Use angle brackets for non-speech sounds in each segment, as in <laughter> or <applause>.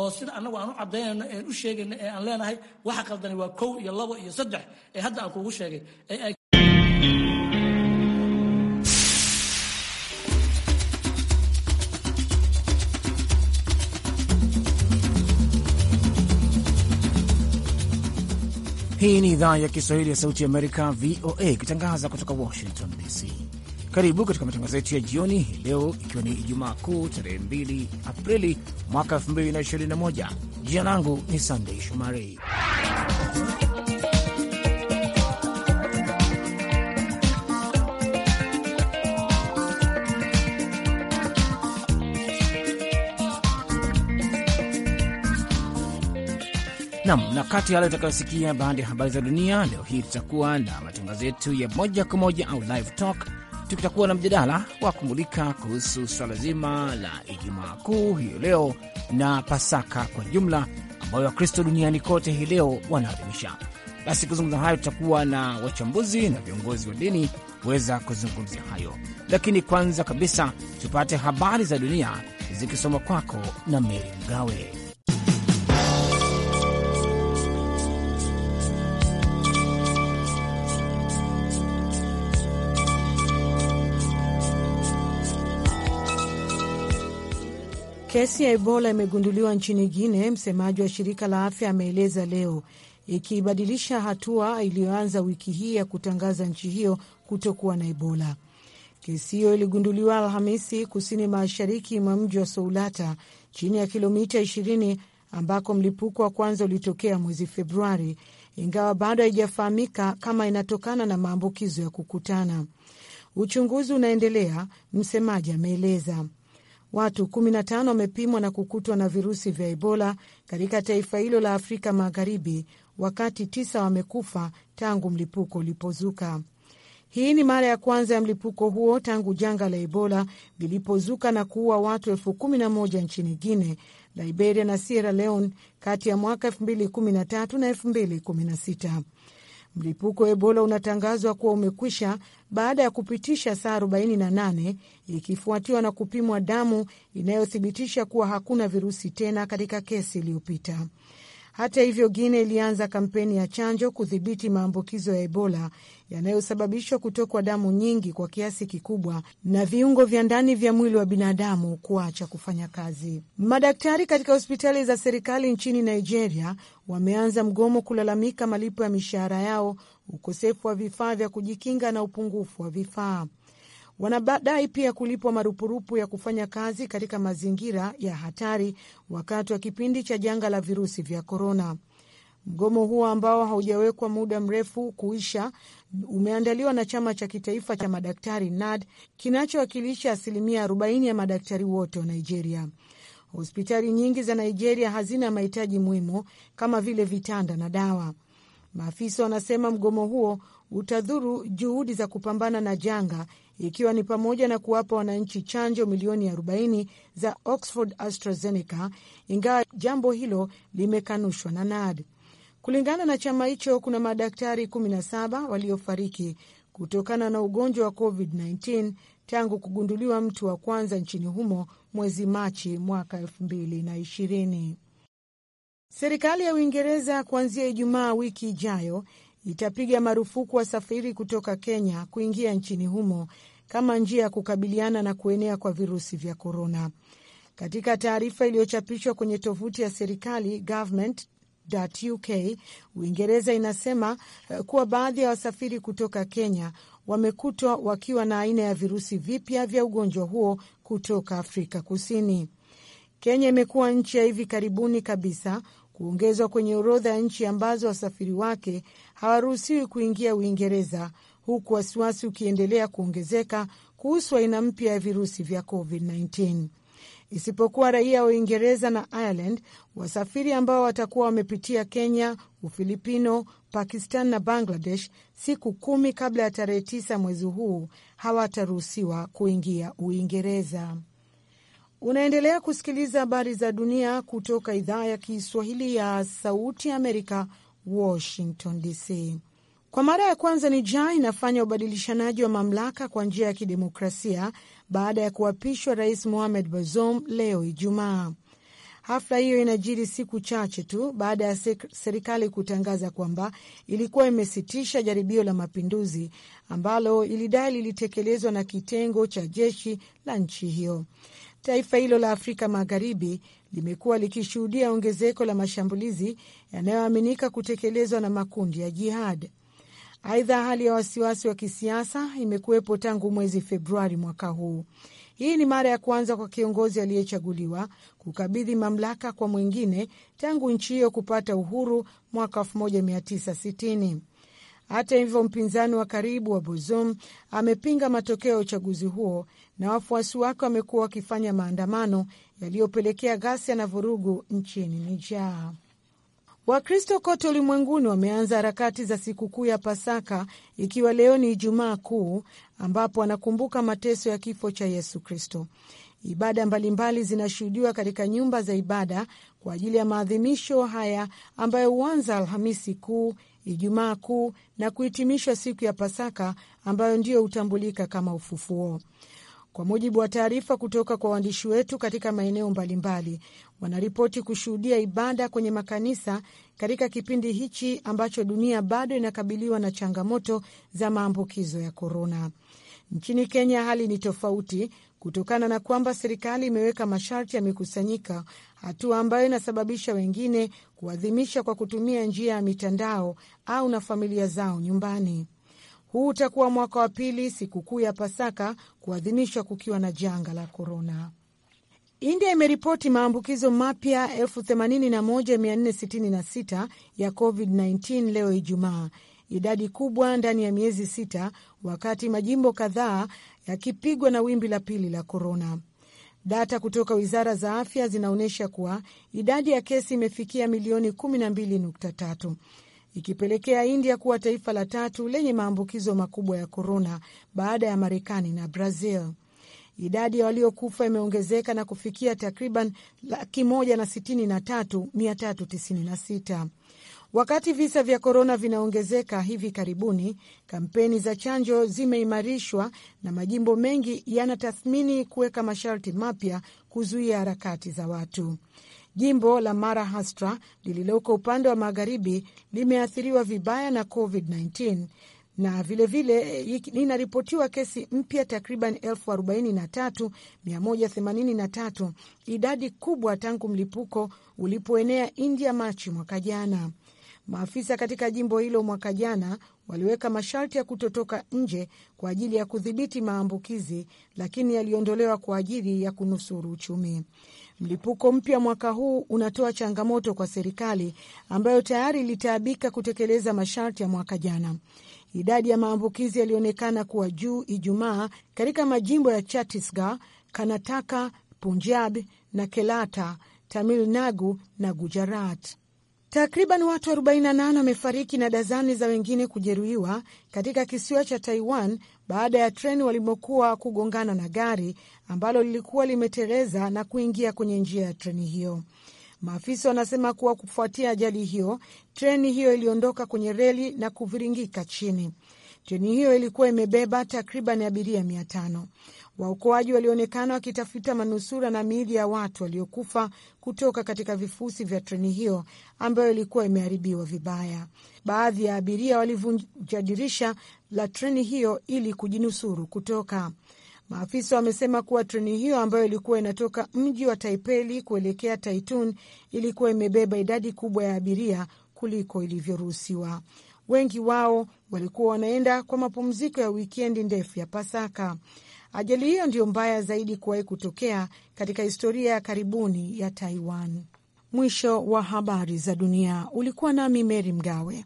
oo sida anagu aan u caddaynayno een u sheegayno ee aan leenahay waxa qaldani waa kow iyo labo iyo saddex ee hadda aan kuugu sheegay ee Hii ni idhaa ya Kiswahili ya Sauti Amerika, VOA, ikitangaza kutoka Washington DC. Karibu katika matangazo yetu ya jioni leo, ikiwa ni Ijumaa Kuu tarehe 2 Aprili mwaka 2021. Jina langu ni Sandei Shomari nam na kati yale utakayosikia baada ya habari za dunia leo hii, tutakuwa na matangazo yetu ya moja kwa moja au live talk tutakuwa na mjadala wa kumulika kuhusu swala zima la Ijumaa Kuu hiyo leo na Pasaka kwa jumla ambayo Wakristo duniani kote hii leo wanaadhimisha. Basi kuzungumza hayo, tutakuwa na wachambuzi na viongozi wa dini kuweza kuzungumzia hayo, lakini kwanza kabisa tupate habari za dunia zikisoma kwako na Meri Mgawe. Kesi ya Ebola imegunduliwa nchini guine msemaji wa shirika la afya ameeleza leo, ikibadilisha hatua iliyoanza wiki hii ya kutangaza nchi hiyo kutokuwa na Ebola. Kesi hiyo iligunduliwa Alhamisi kusini mashariki mwa mji wa Soulata, chini ya kilomita 20 ambako mlipuko wa kwanza ulitokea mwezi Februari, ingawa bado haijafahamika kama inatokana na maambukizo ya kukutana. Uchunguzi unaendelea, msemaji ameeleza. Watu 15 wamepimwa na kukutwa na virusi vya Ebola katika taifa hilo la Afrika Magharibi, wakati tisa wamekufa tangu mlipuko ulipozuka. Hii ni mara ya kwanza ya mlipuko huo tangu janga la Ebola lilipozuka na kuua watu elfu kumi na moja nchini Guine, Liberia na Sierra Leone kati ya mwaka 2013 na 2016. Mlipuko wa Ebola unatangazwa kuwa umekwisha baada ya kupitisha saa 48 ikifuatiwa na kupimwa damu inayothibitisha kuwa hakuna virusi tena katika kesi iliyopita. Hata hivyo, Guinea ilianza kampeni ya chanjo kudhibiti maambukizo ya Ebola yanayosababishwa kutokwa damu nyingi kwa kiasi kikubwa na viungo vya ndani vya mwili wa binadamu kuacha kufanya kazi. Madaktari katika hospitali za serikali nchini Nigeria wameanza mgomo kulalamika malipo ya mishahara yao, ukosefu wa vifaa vya kujikinga na upungufu wa vifaa. Wanadai pia kulipwa marupurupu ya kufanya kazi katika mazingira ya hatari wakati wa kipindi cha janga la virusi vya korona. Mgomo huo ambao haujawekwa muda mrefu kuisha umeandaliwa na chama cha kitaifa cha madaktari NAD kinachowakilisha asilimia 40 ya madaktari wote wa Nigeria. Hospitali nyingi za Nigeria hazina mahitaji muhimu kama vile vitanda na dawa. Maafisa wanasema mgomo huo utadhuru juhudi za kupambana na janga ikiwa ni pamoja na kuwapa wananchi chanjo milioni 40 za Oxford AstraZeneca, ingawa jambo hilo limekanushwa na NAD. Kulingana na chama hicho, kuna madaktari 17 waliofariki kutokana na ugonjwa wa COVID-19 tangu kugunduliwa mtu wa kwanza nchini humo mwezi Machi mwaka 2020. Serikali ya Uingereza kuanzia Ijumaa wiki ijayo itapiga marufuku wasafiri kutoka Kenya kuingia nchini humo kama njia ya kukabiliana na kuenea kwa virusi vya korona. Katika taarifa iliyochapishwa kwenye tovuti ya serikali government.uk, Uingereza inasema eh, kuwa baadhi ya wasafiri kutoka Kenya wamekutwa wakiwa na aina ya virusi vipya vya ugonjwa huo kutoka Afrika Kusini. Kenya imekuwa nchi ya hivi karibuni kabisa kuongezwa kwenye orodha ya nchi ambazo wasafiri wake hawaruhusiwi kuingia Uingereza, huku wasiwasi ukiendelea kuongezeka kuhusu aina mpya ya virusi vya COVID-19. Isipokuwa raia wa Uingereza na Ireland, wasafiri ambao watakuwa wamepitia Kenya, Ufilipino, Pakistan na Bangladesh siku kumi kabla ya tarehe tisa mwezi huu hawataruhusiwa kuingia Uingereza. Unaendelea kusikiliza habari za dunia kutoka idhaa ya Kiswahili ya Sauti Amerika, Washington DC. Kwa mara ya kwanza Niger inafanya ubadilishanaji wa mamlaka kwa njia ya kidemokrasia baada ya kuapishwa Rais Mohamed Bazoum leo Ijumaa. Hafla hiyo inajiri siku chache tu baada ya serikali kutangaza kwamba ilikuwa imesitisha jaribio la mapinduzi ambalo ilidai lilitekelezwa na kitengo cha jeshi la nchi hiyo taifa hilo la Afrika Magharibi limekuwa likishuhudia ongezeko la mashambulizi yanayoaminika kutekelezwa na makundi ya jihad. Aidha, hali ya wasiwasi wa kisiasa imekuwepo tangu mwezi Februari mwaka huu. Hii ni mara ya kwanza kwa kiongozi aliyechaguliwa kukabidhi mamlaka kwa mwingine tangu nchi hiyo kupata uhuru mwaka 1960. Hata hivyo, mpinzani wa karibu wa Bozom amepinga matokeo ya uchaguzi huo na wafuasi wake wamekuwa wakifanya maandamano yaliyopelekea ghasia na vurugu nchini nijaa Wakristo kote ulimwenguni wameanza harakati za sikukuu ya Pasaka, ikiwa leo ni Ijumaa Kuu, ambapo wanakumbuka mateso ya kifo cha Yesu Kristo. Ibada mbalimbali zinashuhudiwa katika nyumba za ibada kwa ajili ya maadhimisho haya ambayo huanza Alhamisi Kuu Ijumaa Kuu na kuhitimishwa siku ya Pasaka ambayo ndiyo hutambulika kama ufufuo. Kwa mujibu wa taarifa kutoka kwa waandishi wetu katika maeneo mbalimbali, wanaripoti kushuhudia ibada kwenye makanisa katika kipindi hichi ambacho dunia bado inakabiliwa na changamoto za maambukizo ya korona. Nchini Kenya hali ni tofauti kutokana na kwamba serikali imeweka masharti ya mikusanyiko hatua ambayo inasababisha wengine kuadhimisha kwa kutumia njia ya mitandao au na familia zao nyumbani. Huu utakuwa mwaka wa pili sikukuu ya Pasaka kuadhimishwa kukiwa na janga la korona. India imeripoti maambukizo mapya 81466 ya COVID-19 leo Ijumaa, idadi kubwa ndani ya miezi sita, wakati majimbo kadhaa yakipigwa na wimbi la pili la korona. Data kutoka wizara za afya zinaonyesha kuwa idadi ya kesi imefikia milioni 12.3 ikipelekea India kuwa taifa la tatu lenye maambukizo makubwa ya korona baada ya Marekani na Brazil. Idadi ya waliokufa imeongezeka na kufikia takriban laki moja na sitini na tatu mia tatu tisini na sita. Wakati visa vya korona vinaongezeka hivi karibuni, kampeni za chanjo zimeimarishwa na majimbo mengi yanatathmini kuweka masharti mapya kuzuia harakati za watu. Jimbo la Maharashtra lililoko upande wa magharibi limeathiriwa vibaya na COVID-19 na vilevile inaripotiwa kesi mpya takriban 43183 idadi kubwa tangu mlipuko ulipoenea India Machi mwaka jana. Maafisa katika jimbo hilo mwaka jana waliweka masharti ya kutotoka nje kwa ajili ya kudhibiti maambukizi, lakini yaliondolewa kwa ajili ya kunusuru uchumi. Mlipuko mpya mwaka huu unatoa changamoto kwa serikali ambayo tayari ilitaabika kutekeleza masharti ya mwaka jana. Idadi ya maambukizi yalionekana kuwa juu Ijumaa katika majimbo ya chatisga Karnataka, Punjab na Kelata, Tamil Nadu na Gujarat. Takriban watu 48 wamefariki na dazani za wengine kujeruhiwa katika kisiwa cha Taiwan baada ya treni walimokuwa kugongana na gari ambalo lilikuwa limeteleza na kuingia kwenye njia ya treni hiyo. Maafisa wanasema kuwa kufuatia ajali hiyo, treni hiyo iliondoka kwenye reli na kuviringika chini. Treni hiyo ilikuwa imebeba takriban abiria mia tano. Waokoaji walionekana wakitafuta manusura na miili ya watu waliokufa kutoka katika vifusi vya treni hiyo ambayo ilikuwa imeharibiwa vibaya. Baadhi ya abiria walivunja dirisha la treni hiyo ili kujinusuru kutoka. Maafisa wamesema kuwa treni hiyo ambayo ilikuwa inatoka mji wa Taipei kuelekea Taitun ilikuwa imebeba idadi kubwa ya abiria kuliko ilivyoruhusiwa. Wengi wao walikuwa wanaenda kwa mapumziko ya wikendi ndefu ya Pasaka. Ajali hiyo ndiyo mbaya zaidi kuwahi kutokea katika historia ya karibuni ya Taiwan. Mwisho wa habari za dunia. Ulikuwa nami Meri Mgawe.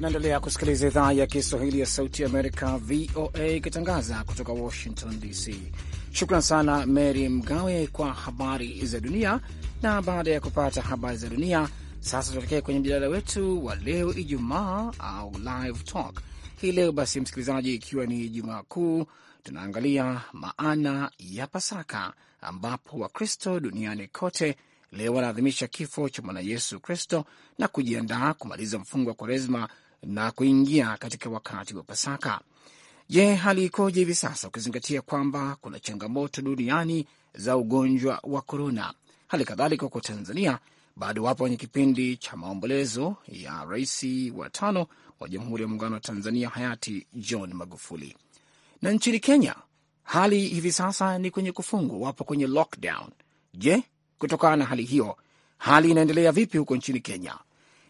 Naendelea kusikiliza idhaa ya Kiswahili ya Sauti Amerika, VOA, ikitangaza kutoka Washington DC. Shukran sana Mary Mgawe kwa habari za dunia. Na baada ya kupata habari za dunia, sasa tuelekee kwenye mjadala wetu wa leo Ijumaa au live talk hii leo. Basi msikilizaji, ikiwa ni Ijumaa Kuu, tunaangalia maana ya Pasaka, ambapo Wakristo duniani kote leo wanaadhimisha kifo cha mwana Yesu Kristo na kujiandaa kumaliza mfungo wa Kwaresma na kuingia katika wakati wa Pasaka. Je, hali ikoje hivi sasa, ukizingatia kwamba kuna changamoto duniani za ugonjwa wa korona? Hali kadhalika huko Tanzania bado wapo kwenye kipindi cha maombolezo ya rais wa tano wa Jamhuri ya Muungano wa Tanzania hayati John Magufuli. Na nchini Kenya hali hivi sasa ni kwenye kufungwa, wapo kwenye lockdown. Je, kutokana na hali hiyo, hali inaendelea vipi huko nchini Kenya?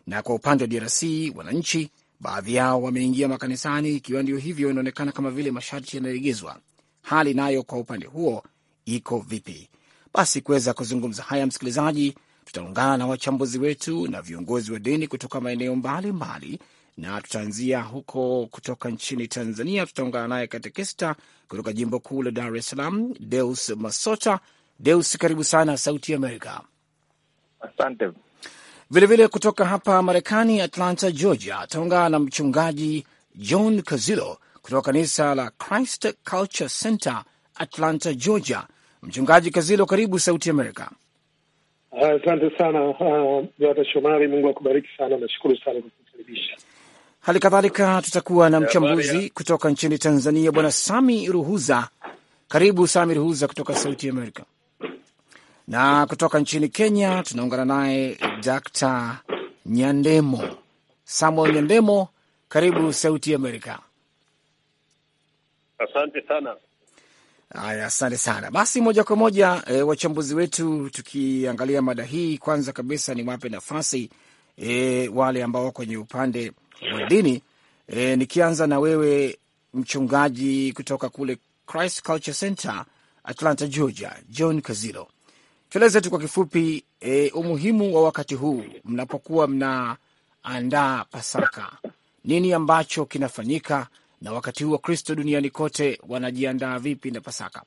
Na kwa upande wa DRC, wananchi baadhi yao wameingia makanisani, ikiwa ndio hivyo, inaonekana kama vile masharti yanayoegezwa. Hali nayo kwa upande huo iko vipi? Basi kuweza kuzungumza haya, msikilizaji, tutaungana na wachambuzi wetu na viongozi wa dini kutoka maeneo mbalimbali, na tutaanzia huko kutoka nchini Tanzania. Tutaungana naye katekista kutoka jimbo kuu la Dar es Salaam, Deus Masota. Deus, karibu sana Sauti Amerika. Asante. Vilevile kutoka hapa Marekani, Atlanta Georgia, ataungana na mchungaji John Kazilo kutoka kanisa la Christ Culture Center Atlanta Georgia, Mchungaji Kazilo, karibu Sauti Amerika. Asante uh, sana Bwana uh, Shomari, Mungu akubariki sana. Nashukuru sana kwa kukaribisha. Hali kadhalika tutakuwa na mchambuzi kutoka nchini Tanzania, Bwana Sami Ruhuza. Karibu Sami Ruhuza kutoka Sauti Amerika. Na kutoka nchini Kenya tunaungana naye Dr. Nyandemo Samuel Nyandemo, karibu Sauti Amerika. Asante sana. Haya, asante sana. Basi moja kwa moja e, wachambuzi wetu tukiangalia mada hii, kwanza kabisa ni wape nafasi e, wale ambao wako kwenye upande wa dini e, nikianza na wewe mchungaji kutoka kule Christ Culture Center Atlanta, Georgia, John Kazilo, tueleze tu kwa kifupi e, umuhimu wa wakati huu mnapokuwa mnaandaa Pasaka, nini ambacho kinafanyika na wakati huu Wakristo duniani kote wanajiandaa vipi na Pasaka?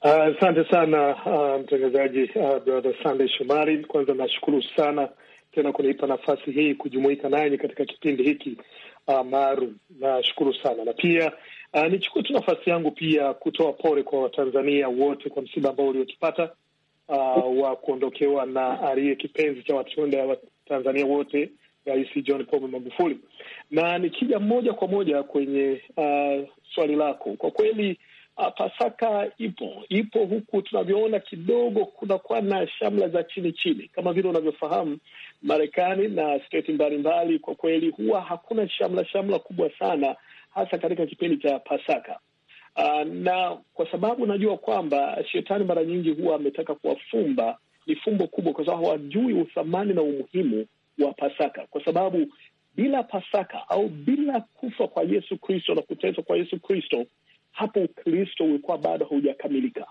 Ah, asante uh, sana uh, mtangazaji uh, brother Sandey Shomari. Kwanza nashukuru sana tena kunipa nafasi hii kujumuika nanyi katika kipindi hiki uh, maalum. Nashukuru sana na pia uh, nichukue tu nafasi yangu pia kutoa pole kwa Watanzania wote kwa msiba ambao uliokipata uh, wa kuondokewa na aliye kipenzi cha watunda Watanzania wote Rais John Pombe Magufuli. Na nikija moja kwa moja kwenye uh, swali lako, kwa kweli uh, Pasaka ipo ipo, huku tunavyoona kidogo kunakuwa na shamla za chini chini. Kama vile unavyofahamu, Marekani na steti mbalimbali, kwa kweli huwa hakuna shamla shamla kubwa sana, hasa katika kipindi cha Pasaka. Uh, na kwa sababu najua kwamba shetani mara nyingi huwa ametaka kuwafumba, ni fumbo kubwa, kwa sababu hawajui uthamani na umuhimu wa Pasaka, kwa sababu bila Pasaka au bila kufa kwa Yesu Kristo na kuteswa kwa Yesu Kristo, hapo Ukristo ulikuwa bado haujakamilika,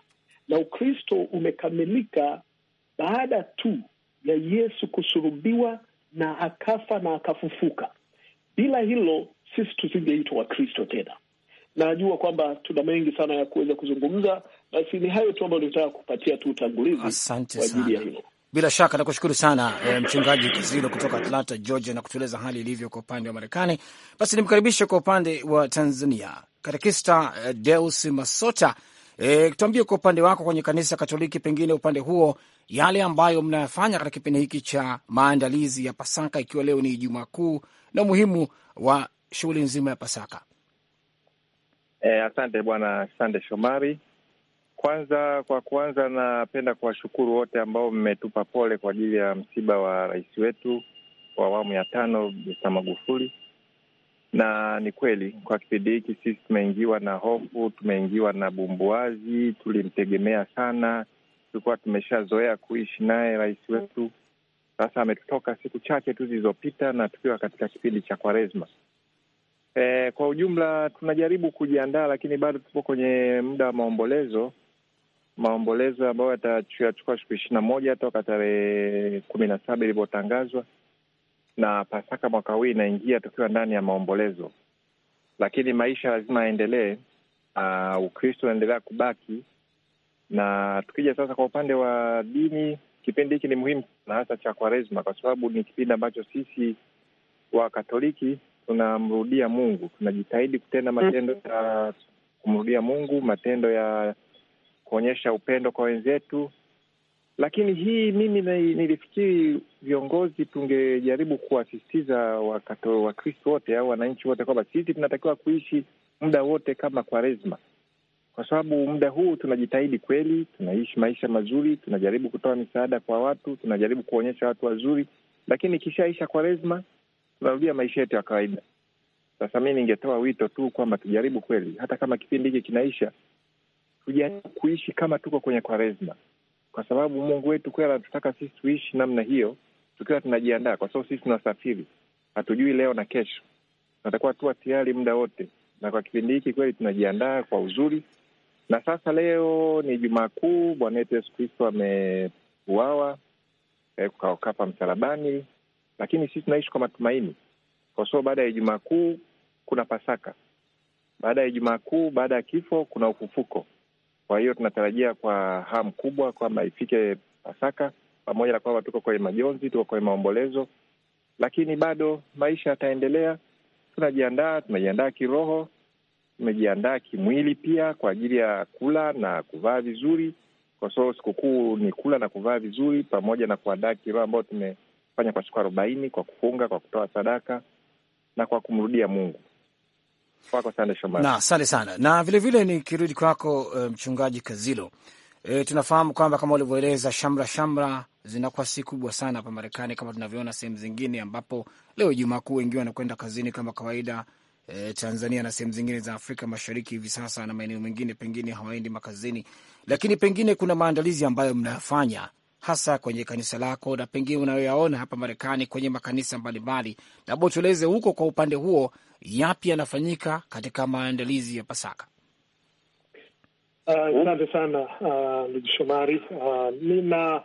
na Ukristo umekamilika baada tu ya Yesu kusurubiwa na akafa na akafufuka. Bila hilo sisi tusingeitwa Wakristo tena. Najua kwamba tuna mengi sana ya kuweza kuzungumza, basi ni hayo tu ambayo nilitaka kupatia tu utangulizi kwa ajili ya hilo. Bila shaka nakushukuru sana eh, mchungaji Kizilo kutoka Atlanta, Georgia, na kutueleza hali ilivyo kwa upande wa Marekani. Basi nimkaribishe kwa upande wa Tanzania, katekista eh, Deus Masota. Eh, tuambie kwa upande wako kwenye kanisa Katoliki, pengine upande huo, yale ambayo mnayafanya katika kipindi hiki cha maandalizi ya Pasaka, ikiwa leo ni Ijumaa Kuu, na umuhimu wa shughuli nzima ya Pasaka. Eh, asante bwana, asante Shomari. Kwanza kwa kwanza, napenda kuwashukuru wote ambao mmetupa pole kwa ajili ya msiba wa rais wetu wa awamu ya tano Mr. Magufuli. Na ni kweli kwa kipindi hiki sisi tumeingiwa na hofu, tumeingiwa na bumbuazi, tulimtegemea sana, tulikuwa tumeshazoea kuishi naye rais wetu. Sasa ametutoka siku chache tu zilizopita na tukiwa katika kipindi cha Kwaresma. E, kwa ujumla tunajaribu kujiandaa, lakini bado tupo kwenye muda wa maombolezo maombolezo ambayo yatachukua siku ishirini na moja toka tarehe kumi na saba ilivyotangazwa, na Pasaka mwaka huu inaingia tukiwa ndani ya maombolezo, lakini maisha lazima yaendelee. Uh, Ukristo unaendelea kubaki. Na tukija sasa kwa upande wa dini, kipindi hiki ni muhimu na hasa cha Kwaresma kwa sababu ni kipindi ambacho sisi wa Katoliki tunamrudia Mungu, tunajitahidi kutenda matendo ya kumrudia Mungu, matendo ya kuonyesha upendo kwa wenzetu. Lakini hii mimi nilifikiri viongozi tungejaribu kuwasisitiza Wakristo wote au wananchi wote kwamba sisi tunatakiwa kuishi muda wote kama Kwaresma, kwa sababu muda huu tunajitahidi kweli, tunaishi maisha mazuri, tunajaribu kutoa misaada kwa watu, tunajaribu kuonyesha watu wazuri, lakini ikishaisha Kwaresma tunarudia maisha yetu ya kawaida. Sasa mi ningetoa wito tu kwamba tujaribu kweli, hata kama kipindi hiki kinaisha tujaribu kuishi kama tuko kwenye Kwaresma, kwa sababu Mungu wetu kweli anatutaka sisi tuishi namna hiyo, tukiwa tunajiandaa, kwa sababu sisi tunasafiri, hatujui leo na kesho, natakuwa tuwa tayari muda wote, na kwa kipindi hiki kweli tunajiandaa kwa uzuri. Na sasa leo ni Jumaa Kuu, Bwana wetu Yesu Kristo ameuawa, eh, kukaokapa msalabani, lakini sisi tunaishi kwa matumaini, kwa sababu baada ya Ijumaa Kuu kuna Pasaka, baada ya Ijumaa Kuu, baada ya kifo kuna ufufuko. Kwa hiyo tunatarajia kwa hamu kubwa kwamba ifike Pasaka, pamoja na kwamba tuko kwenye majonzi, tuko kwenye maombolezo, lakini bado maisha yataendelea. Tunajiandaa, tumejiandaa kiroho, tumejiandaa kimwili pia kwa ajili ya kula na kuvaa vizuri, kwa sababu sikukuu ni kula na kuvaa vizuri, pamoja na kuandaa kiroho ambayo tumefanya kwa siku arobaini, kwa kufunga, kwa kutoa sadaka na kwa kumrudia Mungu. Kwako sana Shomari. Na asante sana na vilevile nikirudi kwako eh, mchungaji Kazilo, e, tunafahamu kwamba kama ulivyoeleza shamra shamra zinakuwa si kubwa sana hapa Marekani kama tunavyoona sehemu zingine, ambapo leo Ijumaa Kuu wengi wanakwenda kazini kama kawaida. E, Tanzania na sehemu zingine za Afrika Mashariki hivi sasa na maeneo mengine pengine hawaendi makazini, lakini pengine kuna maandalizi ambayo mnayafanya hasa kwenye kanisa lako na pengine unayoyaona hapa Marekani kwenye makanisa mbalimbali, labda tueleze huko kwa upande huo, yapi yanafanyika katika maandalizi ya Pasaka? Uh, asante uh, sana ndugu uh, Shomari. Uh, nina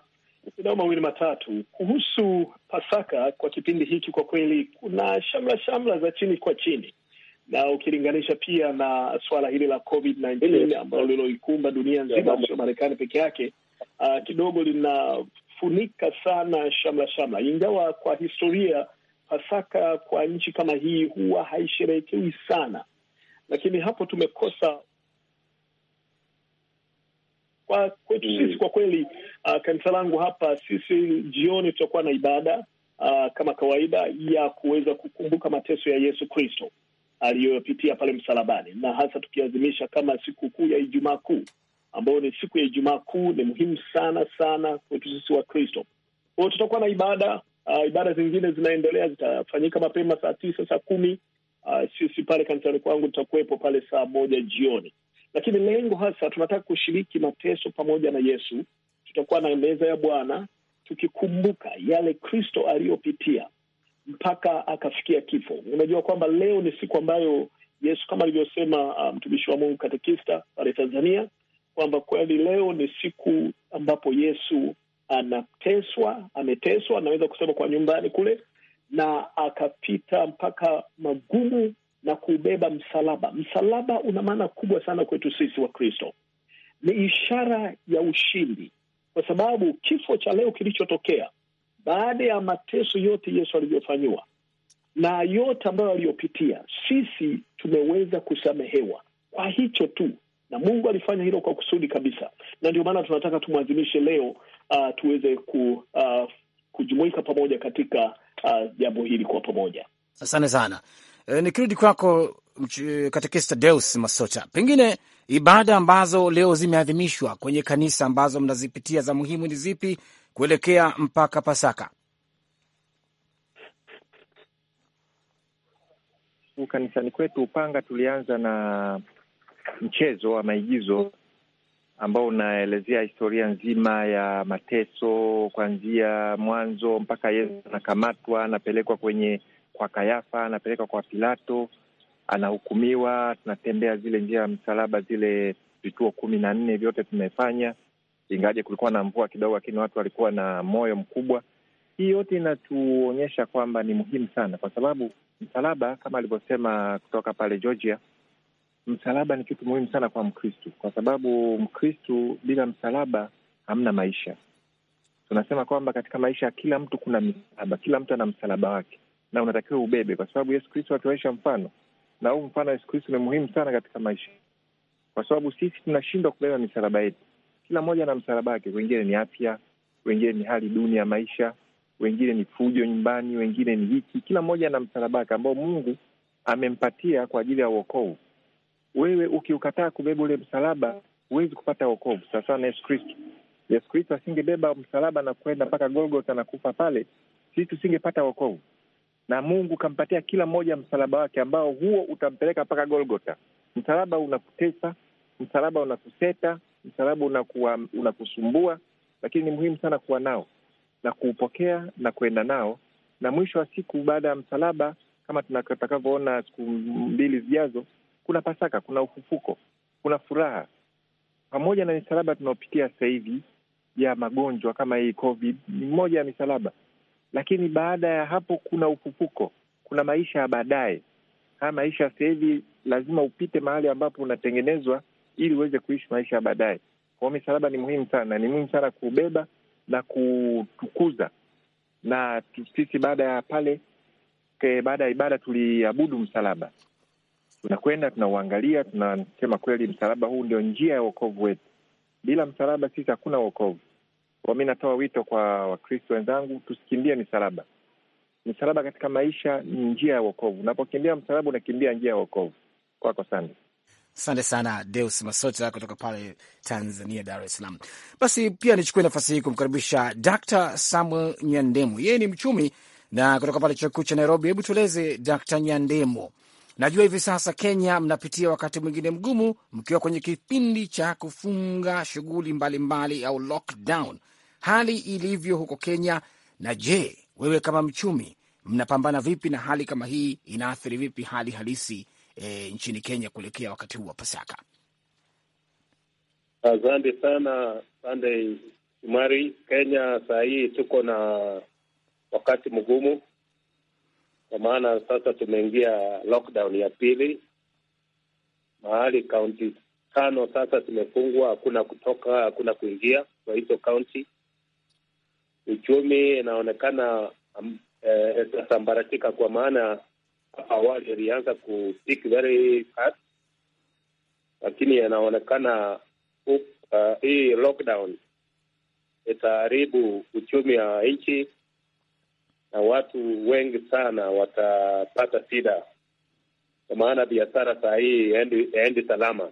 mawili matatu kuhusu Pasaka kwa kipindi hiki. Kwa kweli kuna shamla shamla za chini kwa chini, na ukilinganisha pia na suala hili la COVID-19 ambalo liloikumba dunia nzima, sio Marekani peke yake uh, kidogo linafunika sana shamla shamla, ingawa kwa historia Pasaka kwa nchi kama hii huwa haisherehekewi sana, lakini hapo tumekosa kwa kwetu mm. Sisi kwa kweli uh, kanisa langu hapa sisi jioni tutakuwa na ibada uh, kama kawaida ya kuweza kukumbuka mateso ya Yesu Kristo aliyopitia pale msalabani, na hasa tukiazimisha kama sikukuu ya Ijumaa Kuu ambayo ni siku ya Ijumaa Kuu ni muhimu sana sana kwetu sisi wa Kristo. Kwao tutakuwa na ibada uh, ibada zingine zinaendelea zitafanyika mapema saa tisa saa kumi uh, sisi pale kanisani kwangu tutakuwepo pale saa moja jioni, lakini lengo hasa tunataka kushiriki mateso pamoja na Yesu. Tutakuwa na meza ya Bwana tukikumbuka yale Kristo aliyopitia mpaka akafikia kifo. Unajua kwamba leo ni siku ambayo Yesu kama alivyosema uh, mtumishi um, wa Mungu katekista pale Tanzania kwamba kweli leo ni siku ambapo Yesu anateswa, ameteswa, anaweza kusema kwa nyumbani kule, na akapita mpaka magumu na kubeba msalaba. Msalaba una maana kubwa sana kwetu sisi wa Kristo, ni ishara ya ushindi, kwa sababu kifo cha leo kilichotokea baada ya mateso yote Yesu alivyofanyiwa na yote ambayo aliyopitia, sisi tumeweza kusamehewa kwa hicho tu na Mungu alifanya hilo kwa kusudi kabisa, na ndio maana tunataka tumwadhimishe leo, uh, tuweze ku, uh, kujumuika pamoja katika uh, jambo uh, hili kwa pamoja. Asante sana. E, nikirudi kwako Katekista Deus Masota, pengine ibada ambazo leo zimeadhimishwa kwenye kanisa ambazo mnazipitia za muhimu ni zipi kuelekea mpaka Pasaka? Kanisani kwetu Upanga tulianza na mchezo wa maigizo ambao unaelezea historia nzima ya mateso kuanzia mwanzo mpaka Yesu anakamatwa, anapelekwa kwenye kwa Kayafa, anapelekwa kwa Pilato, anahukumiwa. Tunatembea zile njia ya msalaba, zile vituo kumi na nne vyote tumefanya, ingaje kulikuwa na mvua kidogo, lakini watu walikuwa na moyo mkubwa. Hii yote inatuonyesha kwamba ni muhimu sana, kwa sababu msalaba kama alivyosema kutoka pale Georgia msalaba ni kitu muhimu sana kwa Mkristu, kwa sababu Mkristu bila msalaba hamna maisha. Tunasema kwamba katika maisha ya kila mtu kuna msalaba, kila mtu ana msalaba wake na unatakiwa ubebe, kwa sababu Yesu Kristu atuonyesha mfano, na huu mfano Yesu Kristu ni muhimu sana katika maisha, kwa sababu sisi tunashindwa kubeba misalaba yetu. Kila mmoja ana msalaba wake, wengine ni afya, wengine ni hali duni ya maisha, wengine ni fujo nyumbani, wengine ni hiki. Kila mmoja ana msalaba wake ambao Mungu amempatia kwa ajili ya uokovu wewe ukiukataa kubeba ule msalaba huwezi kupata wokovu. Sasa na Yesu Kristo. Yesu Kristo asingebeba msalaba na kwenda mpaka Golgotha na kufa pale, sisi tusingepata wokovu, na Mungu kampatia kila mmoja msalaba wake ambao huo utampeleka mpaka Golgotha. Msalaba unakutesa, msalaba unakuseta, msalaba unakuwa, unakusumbua, lakini ni muhimu sana kuwa nao na kuupokea na kuenda nao, na mwisho wa siku, baada ya msalaba, kama tutakavyoona siku mbili zijazo kuna Pasaka, kuna ufufuko, kuna furaha, pamoja na misalaba tunaopitia sasa hivi ya magonjwa kama hii COVID ni mmoja ya misalaba, lakini baada ya hapo kuna ufufuko, kuna maisha ya baadaye. Haya maisha sasa hivi lazima upite mahali ambapo unatengenezwa ili uweze kuishi maisha ya baadaye. Kwao misalaba ni muhimu sana, ni muhimu sana kuubeba na kutukuza. Na sisi baada ya pale, eh, baada ya ibada tuliabudu msalaba tunakwenda tunauangalia, tunasema kweli, msalaba huu ndio njia ya uokovu wetu. Bila msalaba sisi hakuna uokovu. Mi natoa wito kwa Wakristo wenzangu, tusikimbie misalaba. Misalaba katika maisha ni njia ya uokovu. Unapokimbia msalaba, unakimbia njia ya uokovu. Kwako sana. Asante sana Deus Masota kutoka pale Tanzania, Dar es Salaam. Basi pia nichukue nafasi hii kumkaribisha Dr Samuel Nyandemo, yeye ni mchumi na kutoka pale chuo kikuu cha Nairobi. Hebu tueleze Dr Nyandemo, Najua hivi sasa Kenya mnapitia wakati mwingine mgumu mkiwa kwenye kipindi cha kufunga shughuli mbalimbali au lockdown, hali ilivyo huko Kenya. Na je, wewe kama mchumi mnapambana vipi na hali kama hii? Inaathiri vipi hali halisi e, nchini Kenya kuelekea wakati huu wa Pasaka? Asante sana sande shumari Kenya saa hii tuko na wakati mgumu kwa maana sasa tumeingia lockdown ya pili, mahali kaunti tano sasa zimefungwa, hakuna kutoka, hakuna kuingia kwa hizo kaunti. Uchumi inaonekana itasambaratika, um, e, kwa maana awali ilianza ku peak very fast, lakini inaonekana uh, hii lockdown itaharibu uchumi wa nchi na watu wengi sana watapata shida, kwa maana biashara saa hii haendi salama.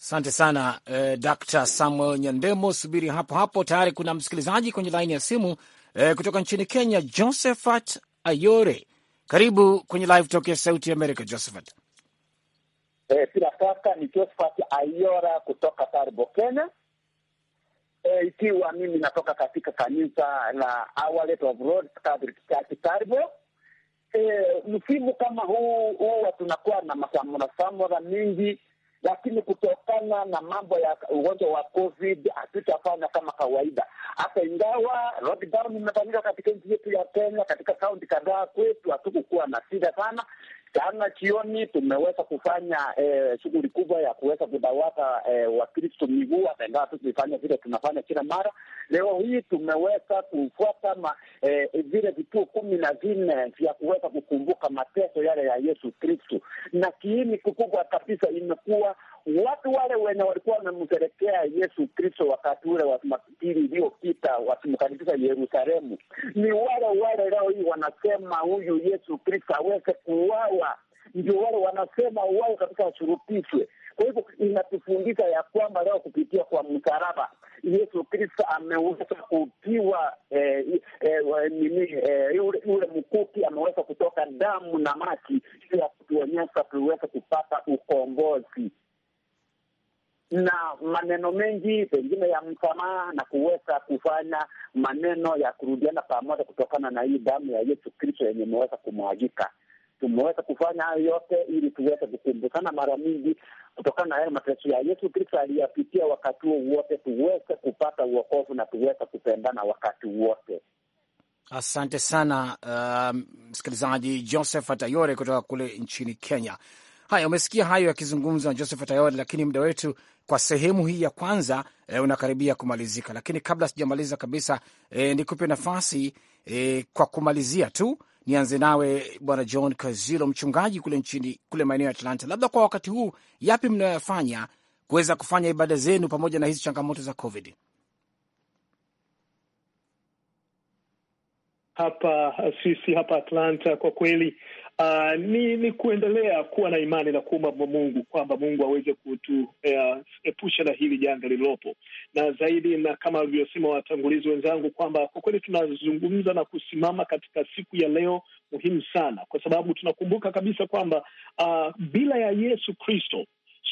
Asante sana eh, Dr. Samuel Nyandemo, subiri hapo hapo, tayari kuna msikilizaji kwenye laini ya simu eh, kutoka nchini Kenya, Josephat Ayore, karibu kwenye Live Talk ya Sauti ya Amerika. Josephat eh, bila eh, shaka ni Josephat Ayora kutoka Tarbo, Kenya e, ikiwa mimi natoka katika kanisa la Outlet of Road Catholic Church Taribo. E, eh, msimu kama huu huwa tunakuwa na masamrasamra mingi, lakini kutokana na mambo ya ugonjwa wa COVID hatutafanya kama kawaida, hata ingawa lockdown imefanyika katika nchi yetu ya Kenya, katika kaunti kadhaa kwetu hatukukuwa na shida sana, Jana chioni tumeweza kufanya eh, shughuli kubwa ya kuweza kudawata eh, Wakristo miguu ingawa tu tuifanya vile tunafanya kila mara. Leo hii tumeweza kufuata ma, eh, vituo kumi na vinne vya kuweza kukumbuka mateso yale ya Yesu Kristo, na kiini kikubwa kabisa imekuwa watu wale wenye walikuwa wamemserekea Yesu Kristo wakati ule wa Jumapili iliyopita wakimkaribisha Yerusalemu ni wale wale leo hii wanasema huyu Yesu Kristo aweze kuwawa ndio wale wanasema uwawe kabisa ashurutishwe. Kwa hivyo inatufundisha ya kwamba leo kupitia kwa msalaba Yesu Kristo ameweza kutiwa eh, eh, nini eh, ule, mkuki ameweza kutoka damu na maji ya kutuonyesha tuweze kupata ukombozi na maneno mengi pengine ya msamaha na kuweza kufanya maneno ya kurudiana pamoja kutokana na hii damu ya Yesu Kristo yenye imeweza kumwagika. Tumeweza kufanya hayo yote ili tuweze kukumbukana mara mingi kutokana na hayo mateso ya Yesu Kristo aliyapitia wakati huo wote, tuweze kupata uokovu na tuweze kupendana wakati wote. Asante sana uh, msikilizaji. Um, Joseph Atayore kutoka kule nchini Kenya. Haya, umesikia hayo yakizungumzwa na Joseph Atayore, lakini muda wetu kwa sehemu hii ya kwanza e, unakaribia kumalizika, lakini kabla sijamaliza kabisa e, nikupe nafasi e, kwa kumalizia tu nianze nawe Bwana John Kazilo, mchungaji kule nchini kule maeneo ya Atlanta, labda kwa wakati huu yapi mnayoyafanya kuweza kufanya ibada zenu pamoja na hizi changamoto za COVID? Hapa sisi hapa Atlanta kwa kweli Uh, ni ni kuendelea kuwa na imani na kuomba Mungu kwamba Mungu aweze kutuepusha eh, uh, na hili janga lililopo, na zaidi, na kama alivyosema watangulizi wenzangu kwamba kwa kweli tunazungumza na kusimama katika siku ya leo muhimu sana, kwa sababu tunakumbuka kabisa kwamba uh, bila ya Yesu Kristo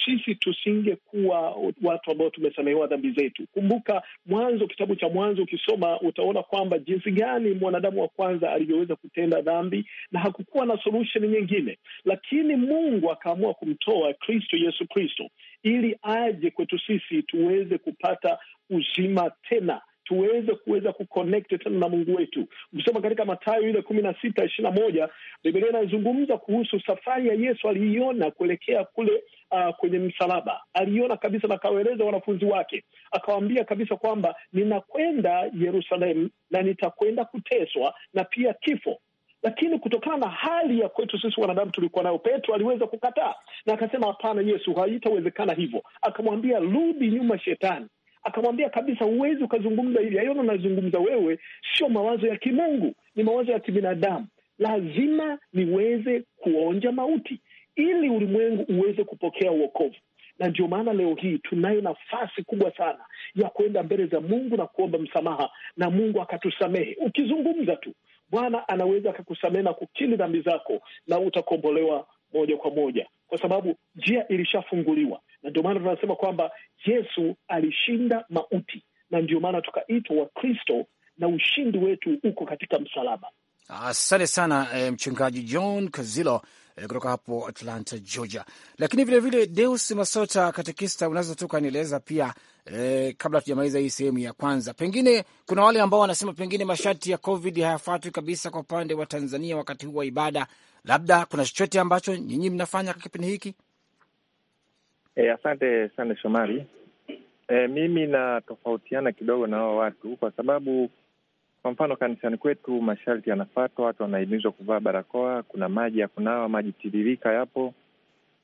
sisi tusingekuwa watu ambao tumesamehewa dhambi zetu. Kumbuka Mwanzo, kitabu cha Mwanzo ukisoma utaona kwamba jinsi gani mwanadamu wa kwanza alivyoweza kutenda dhambi na hakukuwa na solution nyingine, lakini Mungu akaamua kumtoa Kristo Yesu Kristo ili aje kwetu sisi tuweze kupata uzima tena tuweze kuweza kuconnect tena na Mungu wetu. Ukisoma katika Mathayo ile kumi na sita ishirini na moja Biblia inazungumza kuhusu safari ya Yesu aliiona kuelekea kule Uh, kwenye msalaba aliona kabisa na akawaeleza wanafunzi wake, akawaambia kabisa kwamba ninakwenda Yerusalemu na nitakwenda kuteswa na pia kifo. Lakini kutokana na hali ya kwetu sisi wanadamu tulikuwa nayo, Petro aliweza kukataa na akasema, hapana Yesu, haitawezekana hivyo. Akamwambia, rudi nyuma shetani, akamwambia kabisa, huwezi ukazungumza hivi. aiona unazungumza wewe, sio mawazo ya kimungu, ni mawazo ya kibinadamu. Lazima niweze kuonja mauti ili ulimwengu uweze kupokea uokovu na ndio maana leo hii tunayo nafasi kubwa sana ya kwenda mbele za Mungu na kuomba msamaha na Mungu akatusamehe. Ukizungumza tu, Bwana anaweza akakusamehe na kukili dhambi zako na utakombolewa moja kwa moja, kwa sababu njia ilishafunguliwa na ndio maana tunasema kwamba Yesu alishinda mauti, na ndio maana tukaitwa Wakristo na ushindi wetu uko katika msalaba. Asante sana eh, mchungaji John Kazilo eh, kutoka hapo Atlanta, Georgia. Lakini vilevile vile, Deus Masota katekista, unaweza tu kanieleza pia eh, kabla tujamaliza hii sehemu ya kwanza, pengine kuna wale ambao wanasema pengine masharti ya COVID hayafuatwi kabisa kwa upande wa Tanzania wakati huu wa ibada, labda kuna chochote ambacho nyinyi mnafanya kwa kipindi hiki? E, asante sana Shomari. E, mimi natofautiana kidogo na hao watu kwa sababu kwa mfano kanisani kwetu masharti yanafatwa, watu wanahimizwa kuvaa barakoa, kuna maji ya kunawa, maji tiririka yapo,